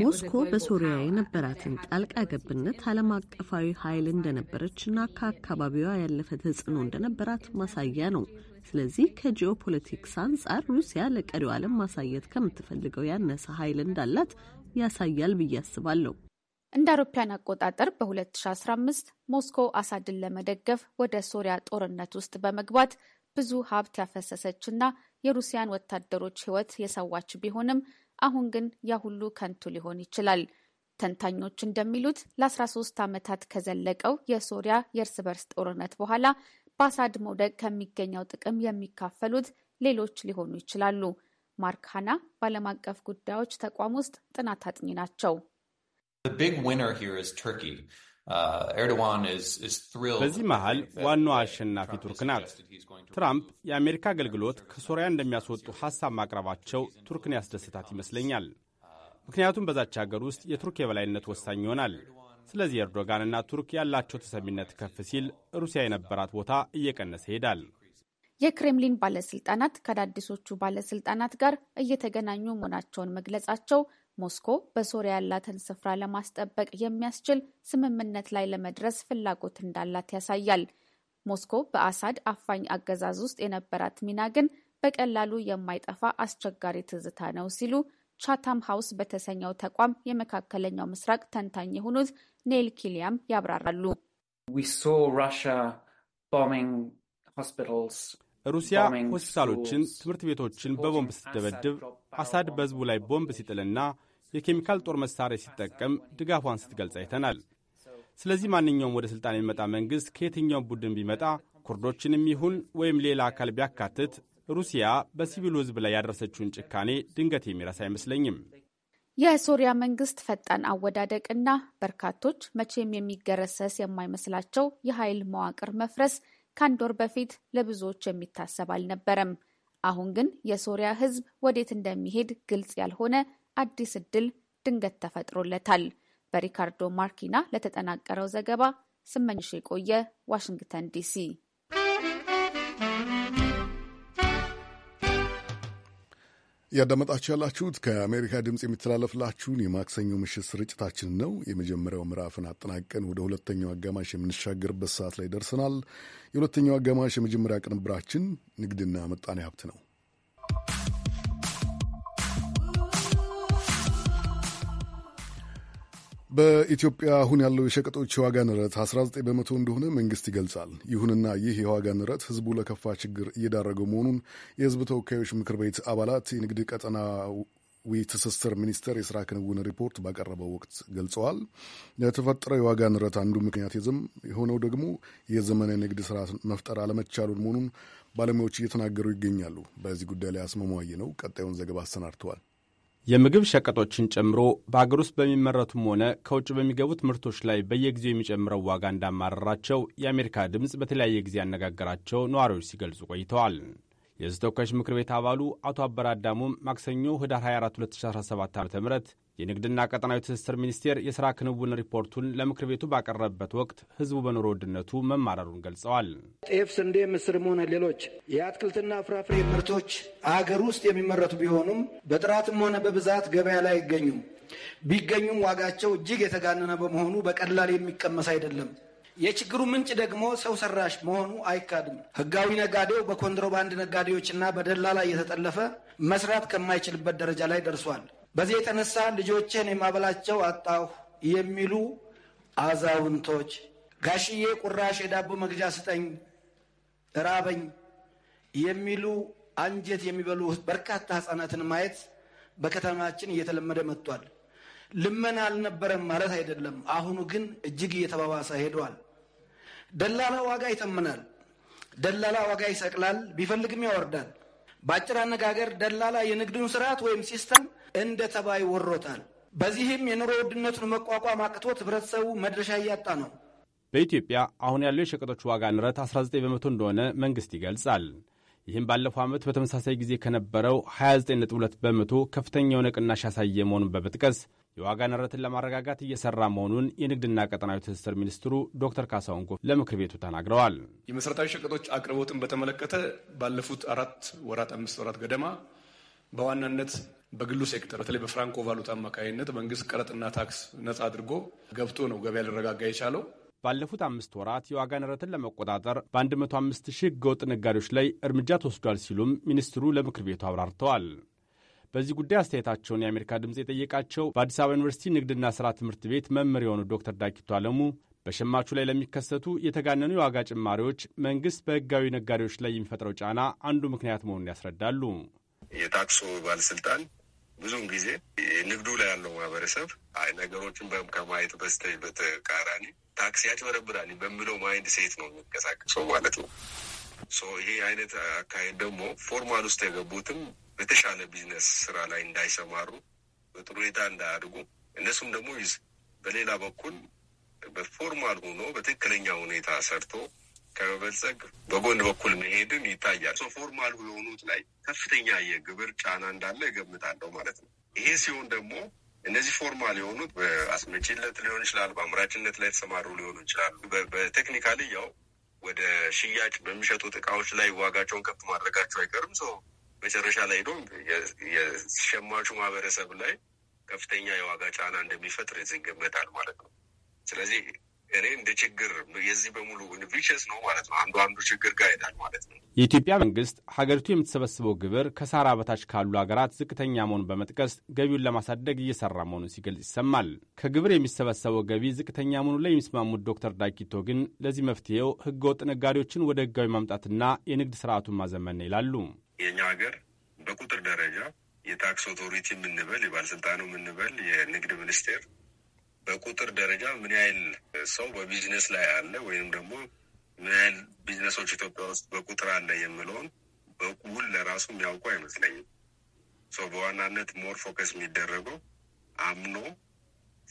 ሞስኮ በሶሪያ የነበራትን ጣልቃ ገብነት ዓለም አቀፋዊ ኃይል እንደነበረች እና ከአካባቢዋ ያለፈ ተጽዕኖ እንደነበራት ማሳያ ነው። ስለዚህ ከጂኦፖለቲክስ አንጻር ሩሲያ ለቀሪው ዓለም ማሳየት ከምትፈልገው ያነሰ ኃይል እንዳላት ያሳያል ብዬ አስባለሁ። እንደ አውሮፓውያን አቆጣጠር በ2015 ሞስኮ አሳድን ለመደገፍ ወደ ሶሪያ ጦርነት ውስጥ በመግባት ብዙ ሀብት ያፈሰሰችና የሩሲያን ወታደሮች ሕይወት የሰዋች ቢሆንም አሁን ግን ያ ሁሉ ከንቱ ሊሆን ይችላል። ተንታኞች እንደሚሉት ለ13 ዓመታት ከዘለቀው የሶሪያ የእርስ በርስ ጦርነት በኋላ በአሳድ መውደቅ ከሚገኘው ጥቅም የሚካፈሉት ሌሎች ሊሆኑ ይችላሉ። ማርክ ሃና በዓለም አቀፍ ጉዳዮች ተቋም ውስጥ ጥናት አጥኚ ናቸው። Uh, በዚህ መሃል ዋናው uh, አሸናፊ ቱርክ ናት። ትራምፕ የአሜሪካ አገልግሎት ከሶሪያ እንደሚያስወጡ ሐሳብ ማቅረባቸው ቱርክን ያስደስታት uh, ይመስለኛል። ምክንያቱም በዛች አገር ውስጥ የቱርክ የበላይነት ወሳኝ ይሆናል። ስለዚህ ኤርዶጋንና ቱርክ ያላቸው ተሰሚነት ከፍ ሲል ሩሲያ የነበራት ቦታ እየቀነሰ ይሄዳል። የክሬምሊን ባለስልጣናት ከአዳዲሶቹ ባለስልጣናት ጋር እየተገናኙ መሆናቸውን መግለጻቸው ሞስኮ በሶሪያ ያላትን ስፍራ ለማስጠበቅ የሚያስችል ስምምነት ላይ ለመድረስ ፍላጎት እንዳላት ያሳያል። ሞስኮ በአሳድ አፋኝ አገዛዝ ውስጥ የነበራት ሚና ግን በቀላሉ የማይጠፋ አስቸጋሪ ትዝታ ነው ሲሉ ቻታም ሀውስ በተሰኘው ተቋም የመካከለኛው ምስራቅ ተንታኝ የሆኑት ኔል ኪሊያም ያብራራሉ። ሩሲያ ሆስፒታሎችን፣ ትምህርት ቤቶችን በቦምብ ስትደበድብ፣ አሳድ በሕዝቡ ላይ ቦምብ ሲጥልና የኬሚካል ጦር መሳሪያ ሲጠቀም ድጋፏን ስትገልጽ አይተናል። ስለዚህ ማንኛውም ወደ ሥልጣን የሚመጣ መንግሥት ከየትኛውም ቡድን ቢመጣ ኩርዶችንም ይሁን ወይም ሌላ አካል ቢያካትት ሩሲያ በሲቪሉ ሕዝብ ላይ ያደረሰችውን ጭካኔ ድንገት የሚረሳ አይመስለኝም። የሶሪያ መንግስት ፈጣን አወዳደቅና በርካቶች መቼም የሚገረሰስ የማይመስላቸው የኃይል መዋቅር መፍረስ ከአንድ ወር በፊት ለብዙዎች የሚታሰብ አልነበረም። አሁን ግን የሶሪያ ህዝብ ወዴት እንደሚሄድ ግልጽ ያልሆነ አዲስ እድል ድንገት ተፈጥሮለታል። በሪካርዶ ማርኪና ለተጠናቀረው ዘገባ ስመኝሽ የቆየ ዋሽንግተን ዲሲ እያዳመጣችሁ ያላችሁት ከአሜሪካ ድምፅ የሚተላለፍላችሁን የማክሰኞ ምሽት ስርጭታችን ነው። የመጀመሪያው ምዕራፍን አጠናቀን ወደ ሁለተኛው አጋማሽ የምንሻገርበት ሰዓት ላይ ደርሰናል። የሁለተኛው አጋማሽ የመጀመሪያ ቅንብራችን ንግድና ምጣኔ ሀብት ነው። በኢትዮጵያ አሁን ያለው የሸቀጦች የዋጋ ንረት 19 በመቶ እንደሆነ መንግስት ይገልጻል። ይሁንና ይህ የዋጋ ንረት ህዝቡ ለከፋ ችግር እየዳረገው መሆኑን የህዝብ ተወካዮች ምክር ቤት አባላት የንግድ ቀጠናዊ ትስስር ሚኒስቴር የስራ ክንውን ሪፖርት ባቀረበው ወቅት ገልጸዋል። የተፈጠረው የዋጋ ንረት አንዱ ምክንያት የዝም የሆነው ደግሞ የዘመነ ንግድ ስራ መፍጠር አለመቻሉን መሆኑን ባለሙያዎች እየተናገሩ ይገኛሉ። በዚህ ጉዳይ ላይ አስመሟዬ ነው ቀጣዩን ዘገባ አሰናድተዋል። የምግብ ሸቀጦችን ጨምሮ በአገር ውስጥ በሚመረቱም ሆነ ከውጭ በሚገቡት ምርቶች ላይ በየጊዜው የሚጨምረው ዋጋ እንዳማረራቸው የአሜሪካ ድምፅ በተለያየ ጊዜ ያነጋገራቸው ነዋሪዎች ሲገልጹ ቆይተዋል። የሕዝብ ተወካዮች ምክር ቤት አባሉ አቶ አበራ አዳሙም ማክሰኞ ህዳር 24 2017 ዓ ም የንግድና ቀጠናዊ ትስስር ሚኒስቴር የሥራ ክንውን ሪፖርቱን ለምክር ቤቱ ባቀረበበት ወቅት ህዝቡ በኑሮ ውድነቱ መማረሩን ገልጸዋል። ጤፍ፣ ስንዴ፣ ምስርም ሆነ ሌሎች የአትክልትና ፍራፍሬ ምርቶች አገር ውስጥ የሚመረቱ ቢሆኑም በጥራትም ሆነ በብዛት ገበያ ላይ አይገኙም። ቢገኙም ዋጋቸው እጅግ የተጋነነ በመሆኑ በቀላል የሚቀመስ አይደለም። የችግሩ ምንጭ ደግሞ ሰው ሰራሽ መሆኑ አይካድም። ህጋዊ ነጋዴው በኮንትሮባንድ ነጋዴዎችና በደላላ እየተጠለፈ መስራት ከማይችልበት ደረጃ ላይ ደርሷል። በዚህ የተነሳ ልጆችን የማበላቸው አጣሁ የሚሉ አዛውንቶች ጋሽዬ ቁራሽ የዳቦ መግዣ ስጠኝ ራበኝ የሚሉ አንጀት የሚበሉ በርካታ ህጻናትን ማየት በከተማችን እየተለመደ መጥቷል። ልመና አልነበረም ማለት አይደለም። አሁኑ ግን እጅግ እየተባባሰ ሄደዋል። ደላላ ዋጋ ይተምናል። ደላላ ዋጋ ይሰቅላል፣ ቢፈልግም ያወርዳል። በአጭር አነጋገር ደላላ የንግዱን ስርዓት ወይም ሲስተም እንደ ተባይ ወሮታል። በዚህም የኑሮ ውድነቱን መቋቋም አቅቶት ህብረተሰቡ መድረሻ እያጣ ነው። በኢትዮጵያ አሁን ያለው የሸቀጦች ዋጋ ንረት 19 በመቶ እንደሆነ መንግሥት ይገልጻል። ይህም ባለፈው ዓመት በተመሳሳይ ጊዜ ከነበረው 29.2 በመቶ ከፍተኛ የሆነ ቅናሽ ያሳየ መሆኑን በመጥቀስ የዋጋ ንረትን ለማረጋጋት እየሰራ መሆኑን የንግድና ቀጠናዊ ትስስር ሚኒስትሩ ዶክተር ካሳሁን ጎፌ ለምክር ቤቱ ተናግረዋል። የመሠረታዊ ሸቀጦች አቅርቦትን በተመለከተ ባለፉት አራት ወራት አምስት ወራት ገደማ በዋናነት በግሉ ሴክተር በተለይ በፍራንኮ ቫሉታ አማካኝነት መንግስት ቀረጥና ታክስ ነጻ አድርጎ ገብቶ ነው ገበያ ሊረጋጋ የቻለው። ባለፉት አምስት ወራት የዋጋ ንረትን ለመቆጣጠር በ105 ሺህ ህገወጥ ነጋዴዎች ላይ እርምጃ ተወስዷል ሲሉም ሚኒስትሩ ለምክር ቤቱ አብራርተዋል። በዚህ ጉዳይ አስተያየታቸውን የአሜሪካ ድምፅ የጠየቃቸው በአዲስ አበባ ዩኒቨርሲቲ ንግድና ስራ ትምህርት ቤት መምህር የሆኑ ዶክተር ዳኪቶ አለሙ በሸማቹ ላይ ለሚከሰቱ የተጋነኑ የዋጋ ጭማሪዎች መንግስት በህጋዊ ነጋዴዎች ላይ የሚፈጥረው ጫና አንዱ ምክንያት መሆኑን ያስረዳሉ። የታክሶ ባለስልጣን ብዙውን ጊዜ ንግዱ ላይ ያለው ማህበረሰብ አይ ነገሮችን ከማየት በስተኝ በተቃራኒ ታክሲ ያጭበረብራል በሚለው ማይንድ ሴት ነው የሚንቀሳቀሰው ማለት ነው። ይሄ አይነት አካሄድ ደግሞ ፎርማል ውስጥ የገቡትም በተሻለ ቢዝነስ ስራ ላይ እንዳይሰማሩ፣ በጥሩ ሁኔታ እንዳያድጉ እነሱም ደግሞ በሌላ በኩል በፎርማል ሆኖ በትክክለኛ ሁኔታ ሰርቶ ከመበልጸግ በጎን በኩል መሄድን ይታያል። ፎርማል የሆኑት ላይ ከፍተኛ የግብር ጫና እንዳለ እገምታለሁ ማለት ነው። ይሄ ሲሆን ደግሞ እነዚህ ፎርማል የሆኑት በአስመጪነት ሊሆን ይችላል፣ በአምራችነት ላይ የተሰማሩ ሊሆኑ ይችላሉ። በቴክኒካል ያው ወደ ሽያጭ በሚሸጡት እቃዎች ላይ ዋጋቸውን ከፍ ማድረጋቸው አይቀርም። ሰው መጨረሻ ላይ ነው የሸማቹ ማህበረሰብ ላይ ከፍተኛ የዋጋ ጫና እንደሚፈጥር ይገመታል ማለት ነው። ስለዚህ እኔ እንደ ችግር የዚህ በሙሉ ቪሸስ ነው ማለት ነው። አንዱ አንዱ ችግር ጋር ሄዳል ማለት ነው። የኢትዮጵያ መንግስት ሀገሪቱ የምትሰበስበው ግብር ከሳራ በታች ካሉ ሀገራት ዝቅተኛ መሆኑን በመጥቀስ ገቢውን ለማሳደግ እየሰራ መሆኑን ሲገልጽ ይሰማል። ከግብር የሚሰበሰበው ገቢ ዝቅተኛ መሆኑ ላይ የሚስማሙት ዶክተር ዳኪቶ ግን ለዚህ መፍትሄው ህገወጥ ነጋዴዎችን ወደ ህጋዊ ማምጣትና የንግድ ስርዓቱን ማዘመን ይላሉ። የእኛ ሀገር በቁጥር ደረጃ የታክስ ኦቶሪቲ የምንበል የባለስልጣኑ የምንበል የንግድ ሚኒስቴር በቁጥር ደረጃ ምን ያህል ሰው በቢዝነስ ላይ አለ ወይም ደግሞ ምን ያህል ቢዝነሶች ኢትዮጵያ ውስጥ በቁጥር አለ የምለውን በውል ለራሱ የሚያውቁ አይመስለኝም። በዋናነት ሞር ፎከስ የሚደረገው አምኖ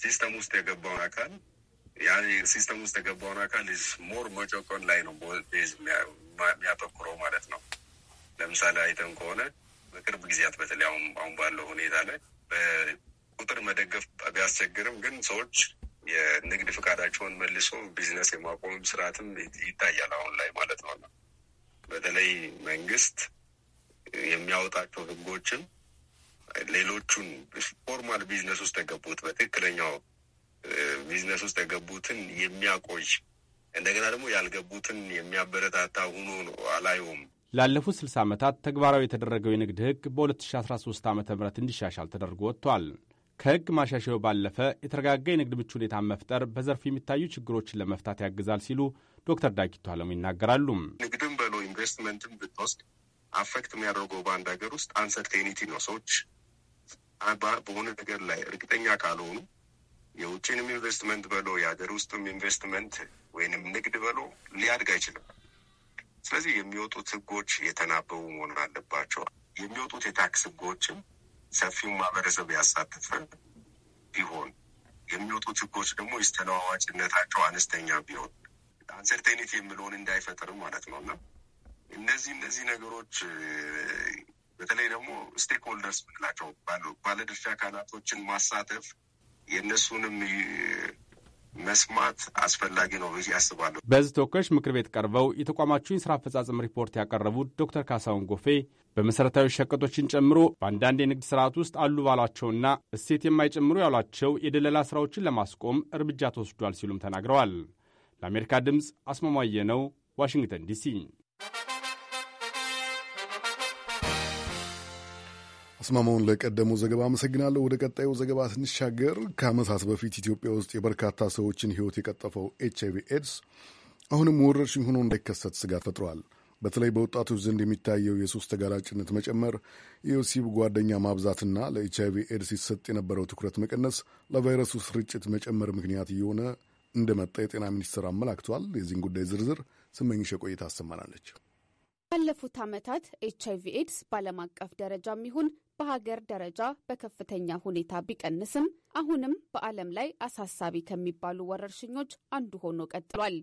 ሲስተም ውስጥ የገባውን አካል ሲስተም ውስጥ የገባውን አካል ሞር መጮቆን ላይ ነው የሚያተኩረው ማለት ነው። ለምሳሌ አይተን ከሆነ በቅርብ ጊዜያት በተለይ አሁን አሁን ባለው ሁኔታ ላይ በቁጥር መደገፍ ቢያስቸግርም ግን ሰዎች የንግድ ፍቃዳቸውን መልሶ ቢዝነስ የማቆም ስርዓትም ይታያል አሁን ላይ ማለት ነው። በተለይ መንግስት የሚያወጣቸው ህጎችን ሌሎቹን ፎርማል ቢዝነስ ውስጥ የገቡት በትክክለኛው ቢዝነስ ውስጥ የገቡትን የሚያቆይ እንደገና ደግሞ ያልገቡትን የሚያበረታታ ሆኖ ነው አላየውም ላለፉት 60 ዓመታት ተግባራዊ የተደረገው የንግድ ሕግ በ2013 ዓ ም እንዲሻሻል ተደርጎ ወጥቷል። ከሕግ ማሻሻዩ ባለፈ የተረጋጋ የንግድ ምቹ ሁኔታ መፍጠር በዘርፉ የሚታዩ ችግሮችን ለመፍታት ያግዛል ሲሉ ዶክተር ዳኪቶ አለሙ ይናገራሉ። ንግድም በሎ ኢንቨስትመንትም ብትወስድ አፌክት የሚያደርገው በአንድ ሀገር ውስጥ አንሰርቴኒቲ ነው። ሰዎች በሆነ ነገር ላይ እርግጠኛ ካልሆኑ የውጭንም ኢንቨስትመንት በሎ የሀገር ውስጥም ኢንቨስትመንት ወይንም ንግድ በሎ ሊያድግ አይችልም። ስለዚህ የሚወጡት ህጎች የተናበቡ መሆን አለባቸው። የሚወጡት የታክስ ህጎችም ሰፊውን ማህበረሰብ ያሳተፈ ቢሆን የሚወጡት ህጎች ደግሞ የስተለዋዋጭነታቸው አነስተኛ ቢሆን አንሰርቴኒቲ የምለውን እንዳይፈጥርም ማለት ነው እና እነዚህ እነዚህ ነገሮች በተለይ ደግሞ ስቴክ ሆልደርስ ምንላቸው ባለድርሻ አካላቶችን ማሳተፍ የእነሱንም መስማት አስፈላጊ ነው ብዬ አስባለሁ። በሕዝብ ተወካዮች ምክር ቤት ቀርበው የተቋማችሁን ስራ አፈጻጸም ሪፖርት ያቀረቡት ዶክተር ካሳሁን ጎፌ በመሠረታዊ ሸቀጦችን ጨምሮ በአንዳንድ የንግድ ስርዓት ውስጥ አሉ ባሏቸውና እሴት የማይጨምሩ ያሏቸው የደለላ ስራዎችን ለማስቆም እርምጃ ተወስዷል ሲሉም ተናግረዋል። ለአሜሪካ ድምፅ አስማማየ ነው፣ ዋሽንግተን ዲሲ አስማማውን ለቀደመው ዘገባ አመሰግናለሁ። ወደ ቀጣዩ ዘገባ ስንሻገር ከአመታት በፊት ኢትዮጵያ ውስጥ የበርካታ ሰዎችን ሕይወት የቀጠፈው ኤች አይቪ ኤድስ አሁንም ወረርሽኝ ሆኖ እንዳይከሰት ስጋት ፈጥሯል። በተለይ በወጣቶች ዘንድ የሚታየው የሱስ ተጋላጭነት መጨመር፣ የወሲብ ጓደኛ ማብዛትና ለኤች አይቪ ኤድስ ይሰጥ የነበረው ትኩረት መቀነስ ለቫይረሱ ስርጭት መጨመር ምክንያት እየሆነ እንደመጣ የጤና ሚኒስቴር አመላክቷል። የዚህን ጉዳይ ዝርዝር ስመኝሸ ቆይታ አሰማናለች። ባለፉት ዓመታት ኤች አይቪ ኤድስ በዓለም አቀፍ ደረጃም ይሁን በሀገር ደረጃ በከፍተኛ ሁኔታ ቢቀንስም አሁንም በዓለም ላይ አሳሳቢ ከሚባሉ ወረርሽኞች አንዱ ሆኖ ቀጥሏል።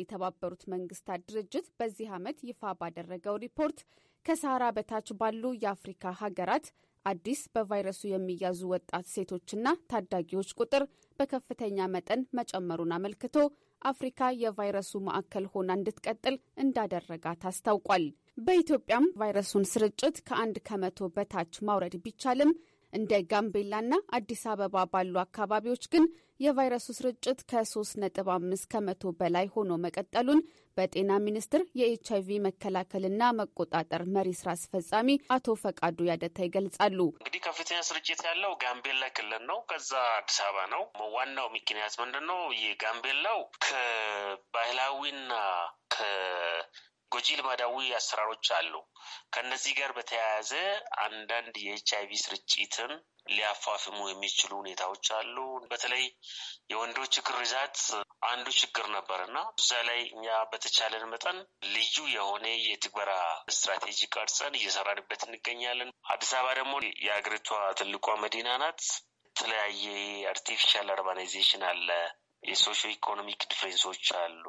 የተባበሩት መንግስታት ድርጅት በዚህ ዓመት ይፋ ባደረገው ሪፖርት ከሳህራ በታች ባሉ የአፍሪካ ሀገራት አዲስ በቫይረሱ የሚያዙ ወጣት ሴቶችና ታዳጊዎች ቁጥር በከፍተኛ መጠን መጨመሩን አመልክቶ አፍሪካ የቫይረሱ ማዕከል ሆና እንድትቀጥል እንዳደረጋት አስታውቋል። በኢትዮጵያም ቫይረሱን ስርጭት ከአንድ ከመቶ በታች ማውረድ ቢቻልም እንደ ጋምቤላና አዲስ አበባ ባሉ አካባቢዎች ግን የቫይረሱ ስርጭት ከ አምስት ከመቶ በላይ ሆኖ መቀጠሉን በጤና ሚኒስቴር የኤች ቪ መከላከልና መቆጣጠር መሪ ስራ አስፈጻሚ አቶ ፈቃዱ ያደታ ይገልጻሉ። እንግዲህ ከፍተኛ ስርጭት ያለው ጋምቤላ ክልል ነው። ከዛ አዲስ አበባ ነው። ዋናው ምክንያት ምንድን ነው? ይህ ጋምቤላው ከባህላዊና ጎጂ ልማዳዊ አሰራሮች አሉ። ከነዚህ ጋር በተያያዘ አንዳንድ የኤች አይቪ ስርጭትን ሊያፋፍሙ የሚችሉ ሁኔታዎች አሉ። በተለይ የወንዶች ግርዛት አንዱ ችግር ነበር እና እዛ ላይ እኛ በተቻለን መጠን ልዩ የሆነ የትግበራ ስትራቴጂ ቀርጸን እየሰራንበት እንገኛለን። አዲስ አበባ ደግሞ የሀገሪቷ ትልቋ መዲና ናት። የተለያየ አርቲፊሻል አርባናይዜሽን አለ። የሶሽ ኢኮኖሚክ ዲፍሬንሶች አሉ።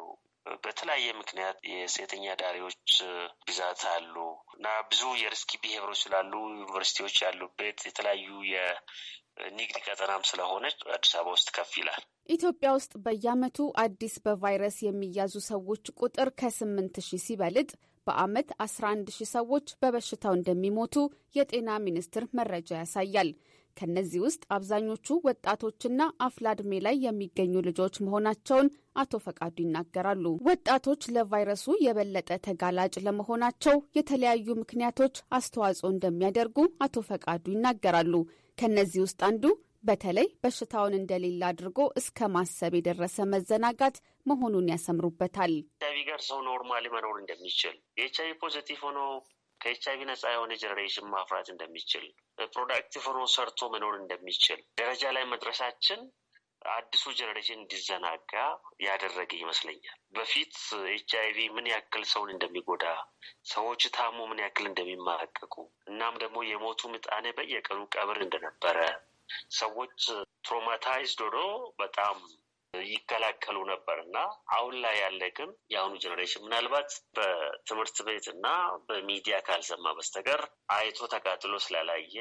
በተለያየ ምክንያት የሴተኛ ዳሪዎች ብዛት አሉ እና ብዙ የሪስኪ ቢሄብሮች ስላሉ ዩኒቨርሲቲዎች ያሉበት የተለያዩ የንግድ ቀጠናም ስለሆነች አዲስ አበባ ውስጥ ከፍ ይላል። ኢትዮጵያ ውስጥ በየዓመቱ አዲስ በቫይረስ የሚያዙ ሰዎች ቁጥር ከስምንት ሺህ ሲበልጥ በዓመት 11 ሺህ ሰዎች በበሽታው እንደሚሞቱ የጤና ሚኒስቴር መረጃ ያሳያል። ከነዚህ ውስጥ አብዛኞቹ ወጣቶችና አፍላ ዕድሜ ላይ የሚገኙ ልጆች መሆናቸውን አቶ ፈቃዱ ይናገራሉ። ወጣቶች ለቫይረሱ የበለጠ ተጋላጭ ለመሆናቸው የተለያዩ ምክንያቶች አስተዋጽኦ እንደሚያደርጉ አቶ ፈቃዱ ይናገራሉ። ከእነዚህ ውስጥ አንዱ በተለይ በሽታውን እንደሌለ አድርጎ እስከ ማሰብ የደረሰ መዘናጋት መሆኑን ያሰምሩበታል። ኤች ጋር ሰው ኖርማሊ መኖር እንደሚችል የኤች አይቪ ፖዚቲቭ ሆኖ ከኤች አይቪ ነጻ የሆነ ጀኔሬሽን ማፍራት እንደሚችል፣ ፕሮዳክቲቭ ሆኖ ሰርቶ መኖር እንደሚችል ደረጃ ላይ መድረሳችን አዲሱ ጀኔሬሽን እንዲዘናጋ ያደረገ ይመስለኛል። በፊት ኤች አይቪ ምን ያክል ሰውን እንደሚጎዳ፣ ሰዎች ታሞ ምን ያክል እንደሚማቀቁ እናም ደግሞ የሞቱ ምጣኔ በየቀኑ ቀብር እንደነበረ ሰዎች ትሮማታይዝድ ዶሮ በጣም ይከላከሉ ነበር እና አሁን ላይ ያለ ግን የአሁኑ ጀኔሬሽን ምናልባት በትምህርት ቤት እና በሚዲያ ካልሰማ በስተቀር አይቶ ተቃጥሎ ስላላየ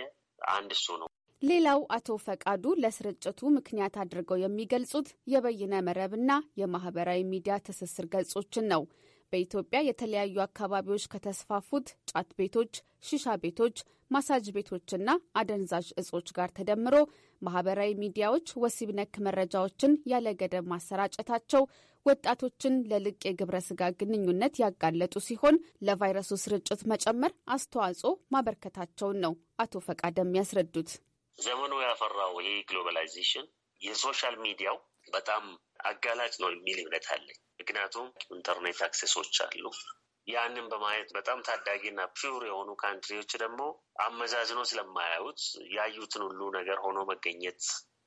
አንድ እሱ ነው። ሌላው አቶ ፈቃዱ ለስርጭቱ ምክንያት አድርገው የሚገልጹት የበይነ መረብና የማህበራዊ ሚዲያ ትስስር ገጾችን ነው። በኢትዮጵያ የተለያዩ አካባቢዎች ከተስፋፉት ጫት ቤቶች፣ ሺሻ ቤቶች፣ ማሳጅ ቤቶችና አደንዛዥ እጾች ጋር ተደምሮ ማህበራዊ ሚዲያዎች ወሲብ ነክ መረጃዎችን ያለ ገደብ ማሰራጨታቸው ወጣቶችን ለልቅ የግብረ ስጋ ግንኙነት ያጋለጡ ሲሆን ለቫይረሱ ስርጭት መጨመር አስተዋጽኦ ማበርከታቸውን ነው አቶ ፈቃደም ያስረዱት። ዘመኑ ያፈራው ይሄ ግሎባላይዜሽን የሶሻል ሚዲያው በጣም አጋላጭ ነው የሚል እምነት አለኝ። ምክንያቱም ኢንተርኔት አክሴሶች አሉ። ያንን በማየት በጣም ታዳጊና ፒውር የሆኑ ካንትሪዎች ደግሞ አመዛዝኖ ስለማያዩት ያዩትን ሁሉ ነገር ሆኖ መገኘት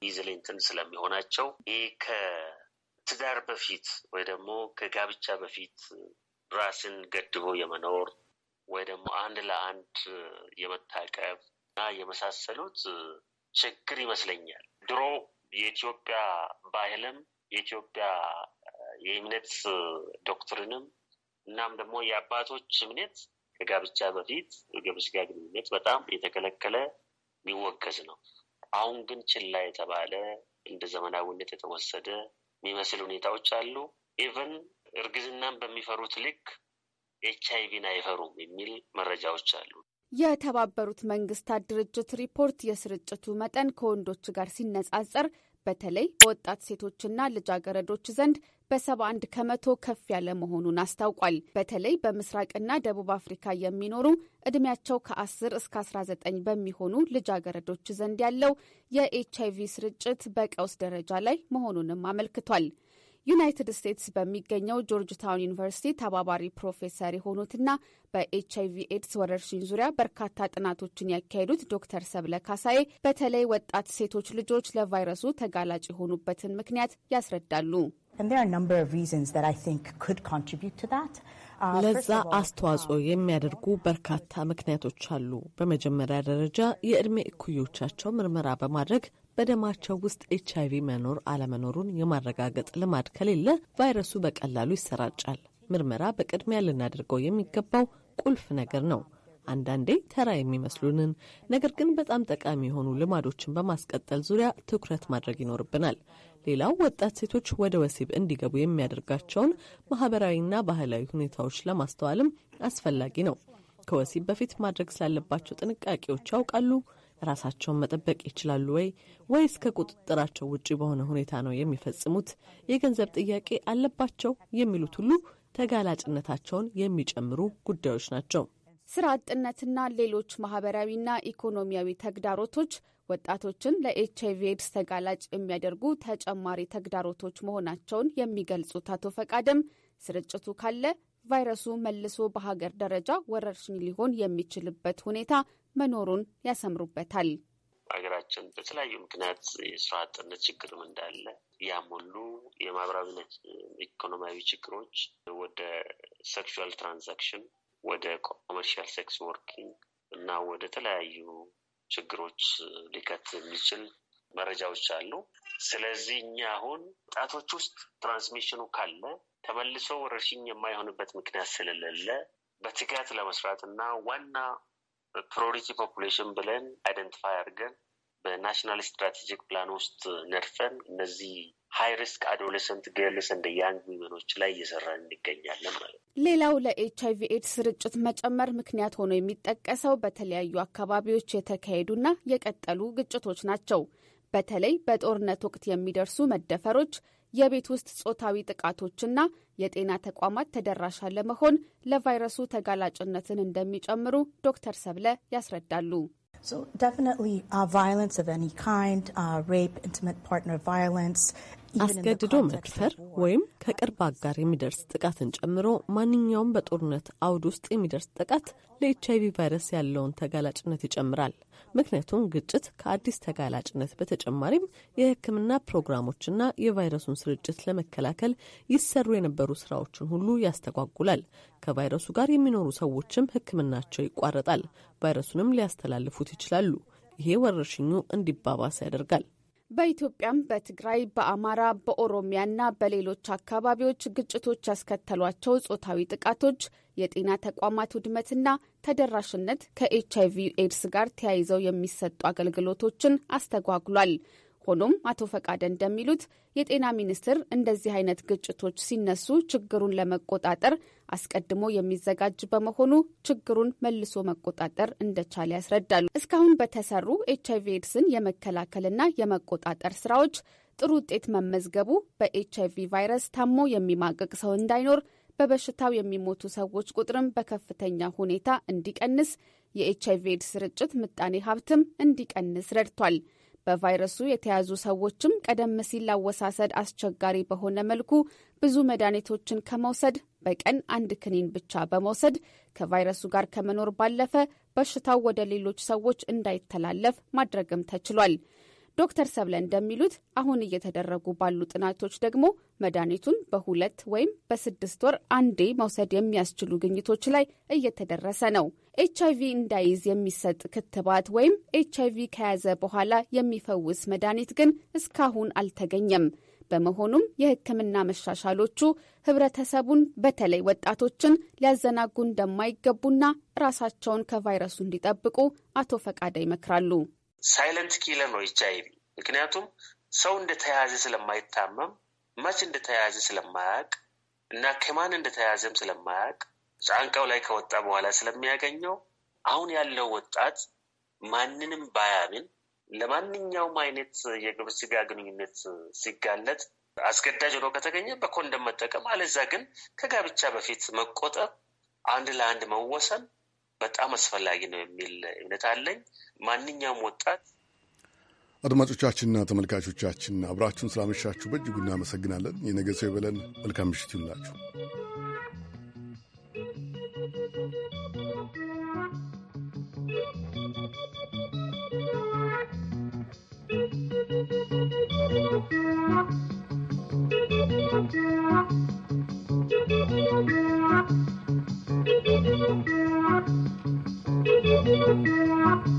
ኢዝሌንትን ስለሚሆናቸው ይህ ከትዳር በፊት ወይ ደግሞ ከጋብቻ በፊት ራስን ገድቦ የመኖር ወይ ደግሞ አንድ ለአንድ የመታቀብ እና የመሳሰሉት ችግር ይመስለኛል። ድሮ የኢትዮጵያ ባህልም የኢትዮጵያ የእምነት ዶክትሪንም እናም ደግሞ የአባቶች እምነት ከጋብቻ በፊት የስጋ ግንኙነት በጣም የተከለከለ የሚወገዝ ነው። አሁን ግን ችላ የተባለ እንደ ዘመናዊነት የተወሰደ የሚመስል ሁኔታዎች አሉ። ኢቨን እርግዝናን በሚፈሩት ልክ ኤች አይቪን አይፈሩም የሚል መረጃዎች አሉ። የተባበሩት መንግስታት ድርጅት ሪፖርት የስርጭቱ መጠን ከወንዶች ጋር ሲነጻጸር በተለይ በወጣት ሴቶችና ልጃገረዶች ዘንድ በ71 ከመቶ ከፍ ያለ መሆኑን አስታውቋል። በተለይ በምስራቅና ደቡብ አፍሪካ የሚኖሩ እድሜያቸው ከ10 እስከ 19 በሚሆኑ ልጃገረዶች ዘንድ ያለው የኤች አይቪ ስርጭት በቀውስ ደረጃ ላይ መሆኑንም አመልክቷል። ዩናይትድ ስቴትስ በሚገኘው ጆርጅ ታውን ዩኒቨርሲቲ ተባባሪ ፕሮፌሰር የሆኑትና በኤች አይቪ ኤድስ ወረርሽኝ ዙሪያ በርካታ ጥናቶችን ያካሄዱት ዶክተር ሰብለ ካሳዬ በተለይ ወጣት ሴቶች ልጆች ለቫይረሱ ተጋላጭ የሆኑበትን ምክንያት ያስረዳሉ። uh, ለዛ አስተዋጽኦ uh, የሚያደርጉ በርካታ ምክንያቶች አሉ። በመጀመሪያ ደረጃ የእድሜ እኩዮቻቸው ምርመራ በማድረግ በደማቸው ውስጥ ኤች አይቪ መኖር አለመኖሩን የማረጋገጥ ልማድ ከሌለ ቫይረሱ በቀላሉ ይሰራጫል። ምርመራ በቅድሚያ ልናደርገው የሚገባው ቁልፍ ነገር ነው። አንዳንዴ ተራ የሚመስሉንን ነገር ግን በጣም ጠቃሚ የሆኑ ልማዶችን በማስቀጠል ዙሪያ ትኩረት ማድረግ ይኖርብናል። ሌላው ወጣት ሴቶች ወደ ወሲብ እንዲገቡ የሚያደርጋቸውን ማህበራዊና ባህላዊ ሁኔታዎች ለማስተዋልም አስፈላጊ ነው። ከወሲብ በፊት ማድረግ ስላለባቸው ጥንቃቄዎች ያውቃሉ። ራሳቸውን መጠበቅ ይችላሉ ወይ ወይስ ከቁጥጥራቸው ውጪ በሆነ ሁኔታ ነው የሚፈጽሙት? የገንዘብ ጥያቄ አለባቸው? የሚሉት ሁሉ ተጋላጭነታቸውን የሚጨምሩ ጉዳዮች ናቸው። ስራ አጥነትና ሌሎች ማህበራዊና ኢኮኖሚያዊ ተግዳሮቶች ወጣቶችን ለኤች አይቪ ኤድስ ተጋላጭ የሚያደርጉ ተጨማሪ ተግዳሮቶች መሆናቸውን የሚገልጹት አቶ ፈቃደም ስርጭቱ ካለ ቫይረሱ መልሶ በሀገር ደረጃ ወረርሽኝ ሊሆን የሚችልበት ሁኔታ መኖሩን ያሰምሩበታል። ሀገራችን በተለያዩ ምክንያት የስራ አጥነት ችግርም እንዳለ ያም ሁሉ የማህበራዊና ኢኮኖሚያዊ ችግሮች ወደ ሴክሹዋል ትራንዛክሽን ወደ ኮመርሻል ሴክስ ወርኪንግ እና ወደ ተለያዩ ችግሮች ሊከት የሚችል መረጃዎች አሉ። ስለዚህ እኛ አሁን ጣቶች ውስጥ ትራንስሚሽኑ ካለ ተመልሶ ወረርሽኝ የማይሆንበት ምክንያት ስለሌለ በትጋት ለመስራት እና ዋና ፕራዮሪቲ ፖፑሌሽን ብለን አይደንቲፋይ አድርገን በናሽናል ስትራቴጂክ ፕላን ውስጥ ነድፈን እነዚህ ሀይ ሪስክ አዶለሰንት ገርልስ እንደ ያንግ ዊመኖች ላይ እየሰራን እንገኛለን ማለት ነው። ሌላው ለኤች አይቪ ኤድስ ስርጭት መጨመር ምክንያት ሆኖ የሚጠቀሰው በተለያዩ አካባቢዎች የተካሄዱና የቀጠሉ ግጭቶች ናቸው። በተለይ በጦርነት ወቅት የሚደርሱ መደፈሮች የቤት ውስጥ ጾታዊ ጥቃቶችና የጤና ተቋማት ተደራሽ አለመሆን ለቫይረሱ ተጋላጭነትን እንደሚጨምሩ ዶክተር ሰብለ ያስረዳሉ። So definitely uh, violence of any kind, uh, rape, intimate partner violence, አስገድዶ መድፈር ወይም ከቅርብ አጋር የሚደርስ ጥቃትን ጨምሮ ማንኛውም በጦርነት አውድ ውስጥ የሚደርስ ጥቃት ለኤች አይቪ ቫይረስ ያለውን ተጋላጭነት ይጨምራል። ምክንያቱም ግጭት ከአዲስ ተጋላጭነት በተጨማሪም የሕክምና ፕሮግራሞችና የቫይረሱን ስርጭት ለመከላከል ይሰሩ የነበሩ ስራዎችን ሁሉ ያስተጓጉላል። ከቫይረሱ ጋር የሚኖሩ ሰዎችም ሕክምናቸው ይቋረጣል። ቫይረሱንም ሊያስተላልፉት ይችላሉ። ይሄ ወረርሽኙ እንዲባባስ ያደርጋል። በኢትዮጵያም በትግራይ በአማራ በኦሮሚያና በሌሎች አካባቢዎች ግጭቶች ያስከተሏቸው ጾታዊ ጥቃቶች፣ የጤና ተቋማት ውድመትና ተደራሽነት ከኤች አይቪ ኤድስ ጋር ተያይዘው የሚሰጡ አገልግሎቶችን አስተጓጉሏል። ሆኖም አቶ ፈቃደ እንደሚሉት የጤና ሚኒስቴር እንደዚህ አይነት ግጭቶች ሲነሱ ችግሩን ለመቆጣጠር አስቀድሞ የሚዘጋጅ በመሆኑ ችግሩን መልሶ መቆጣጠር እንደቻለ ያስረዳሉ። እስካሁን በተሰሩ ኤች አይቪ ኤድስን የመከላከልና የመቆጣጠር ስራዎች ጥሩ ውጤት መመዝገቡ በኤች አይቪ ቫይረስ ታሞ የሚማቀቅ ሰው እንዳይኖር በበሽታው የሚሞቱ ሰዎች ቁጥርም በከፍተኛ ሁኔታ እንዲቀንስ የኤች አይቪ ኤድስ ስርጭት ምጣኔ ሀብትም እንዲቀንስ ረድቷል። በቫይረሱ የተያዙ ሰዎችም ቀደም ሲል ላወሳሰድ አስቸጋሪ በሆነ መልኩ ብዙ መድኃኒቶችን ከመውሰድ በቀን አንድ ክኒን ብቻ በመውሰድ ከቫይረሱ ጋር ከመኖር ባለፈ በሽታው ወደ ሌሎች ሰዎች እንዳይተላለፍ ማድረግም ተችሏል። ዶክተር ሰብለ እንደሚሉት አሁን እየተደረጉ ባሉ ጥናቶች ደግሞ መድኃኒቱን በሁለት ወይም በስድስት ወር አንዴ መውሰድ የሚያስችሉ ግኝቶች ላይ እየተደረሰ ነው። ኤች አይቪ እንዳይዝ የሚሰጥ ክትባት ወይም ኤች ቪ ከያዘ በኋላ የሚፈውስ መድኃኒት ግን እስካሁን አልተገኘም። በመሆኑም የሕክምና መሻሻሎቹ ህብረተሰቡን በተለይ ወጣቶችን ሊያዘናጉ እንደማይገቡና ራሳቸውን ከቫይረሱ እንዲጠብቁ አቶ ፈቃደ ይመክራሉ። ሳይለንት ኪለር ነው ኤች አይ ቪ። ምክንያቱም ሰው እንደተያያዘ ስለማይታመም መች እንደተያያዘ ስለማያውቅ እና ከማን እንደተያያዘም ስለማያውቅ ጫንቃው ላይ ከወጣ በኋላ ስለሚያገኘው አሁን ያለው ወጣት ማንንም ባያምን ለማንኛውም አይነት የግብረ ስጋ ግንኙነት ሲጋለጥ አስገዳጅ ሆኖ ከተገኘ በኮንደም መጠቀም፣ አለዛ ግን ከጋብቻ በፊት መቆጠብ፣ አንድ ለአንድ መወሰን በጣም አስፈላጊ ነው የሚል እምነት አለኝ። ማንኛውም ወጣት አድማጮቻችንና ተመልካቾቻችን አብራችሁን ስላመሻችሁ በእጅጉ እናመሰግናለን። የነገ ሰው ይበለን። መልካም ምሽት ይሁንላችሁ። Música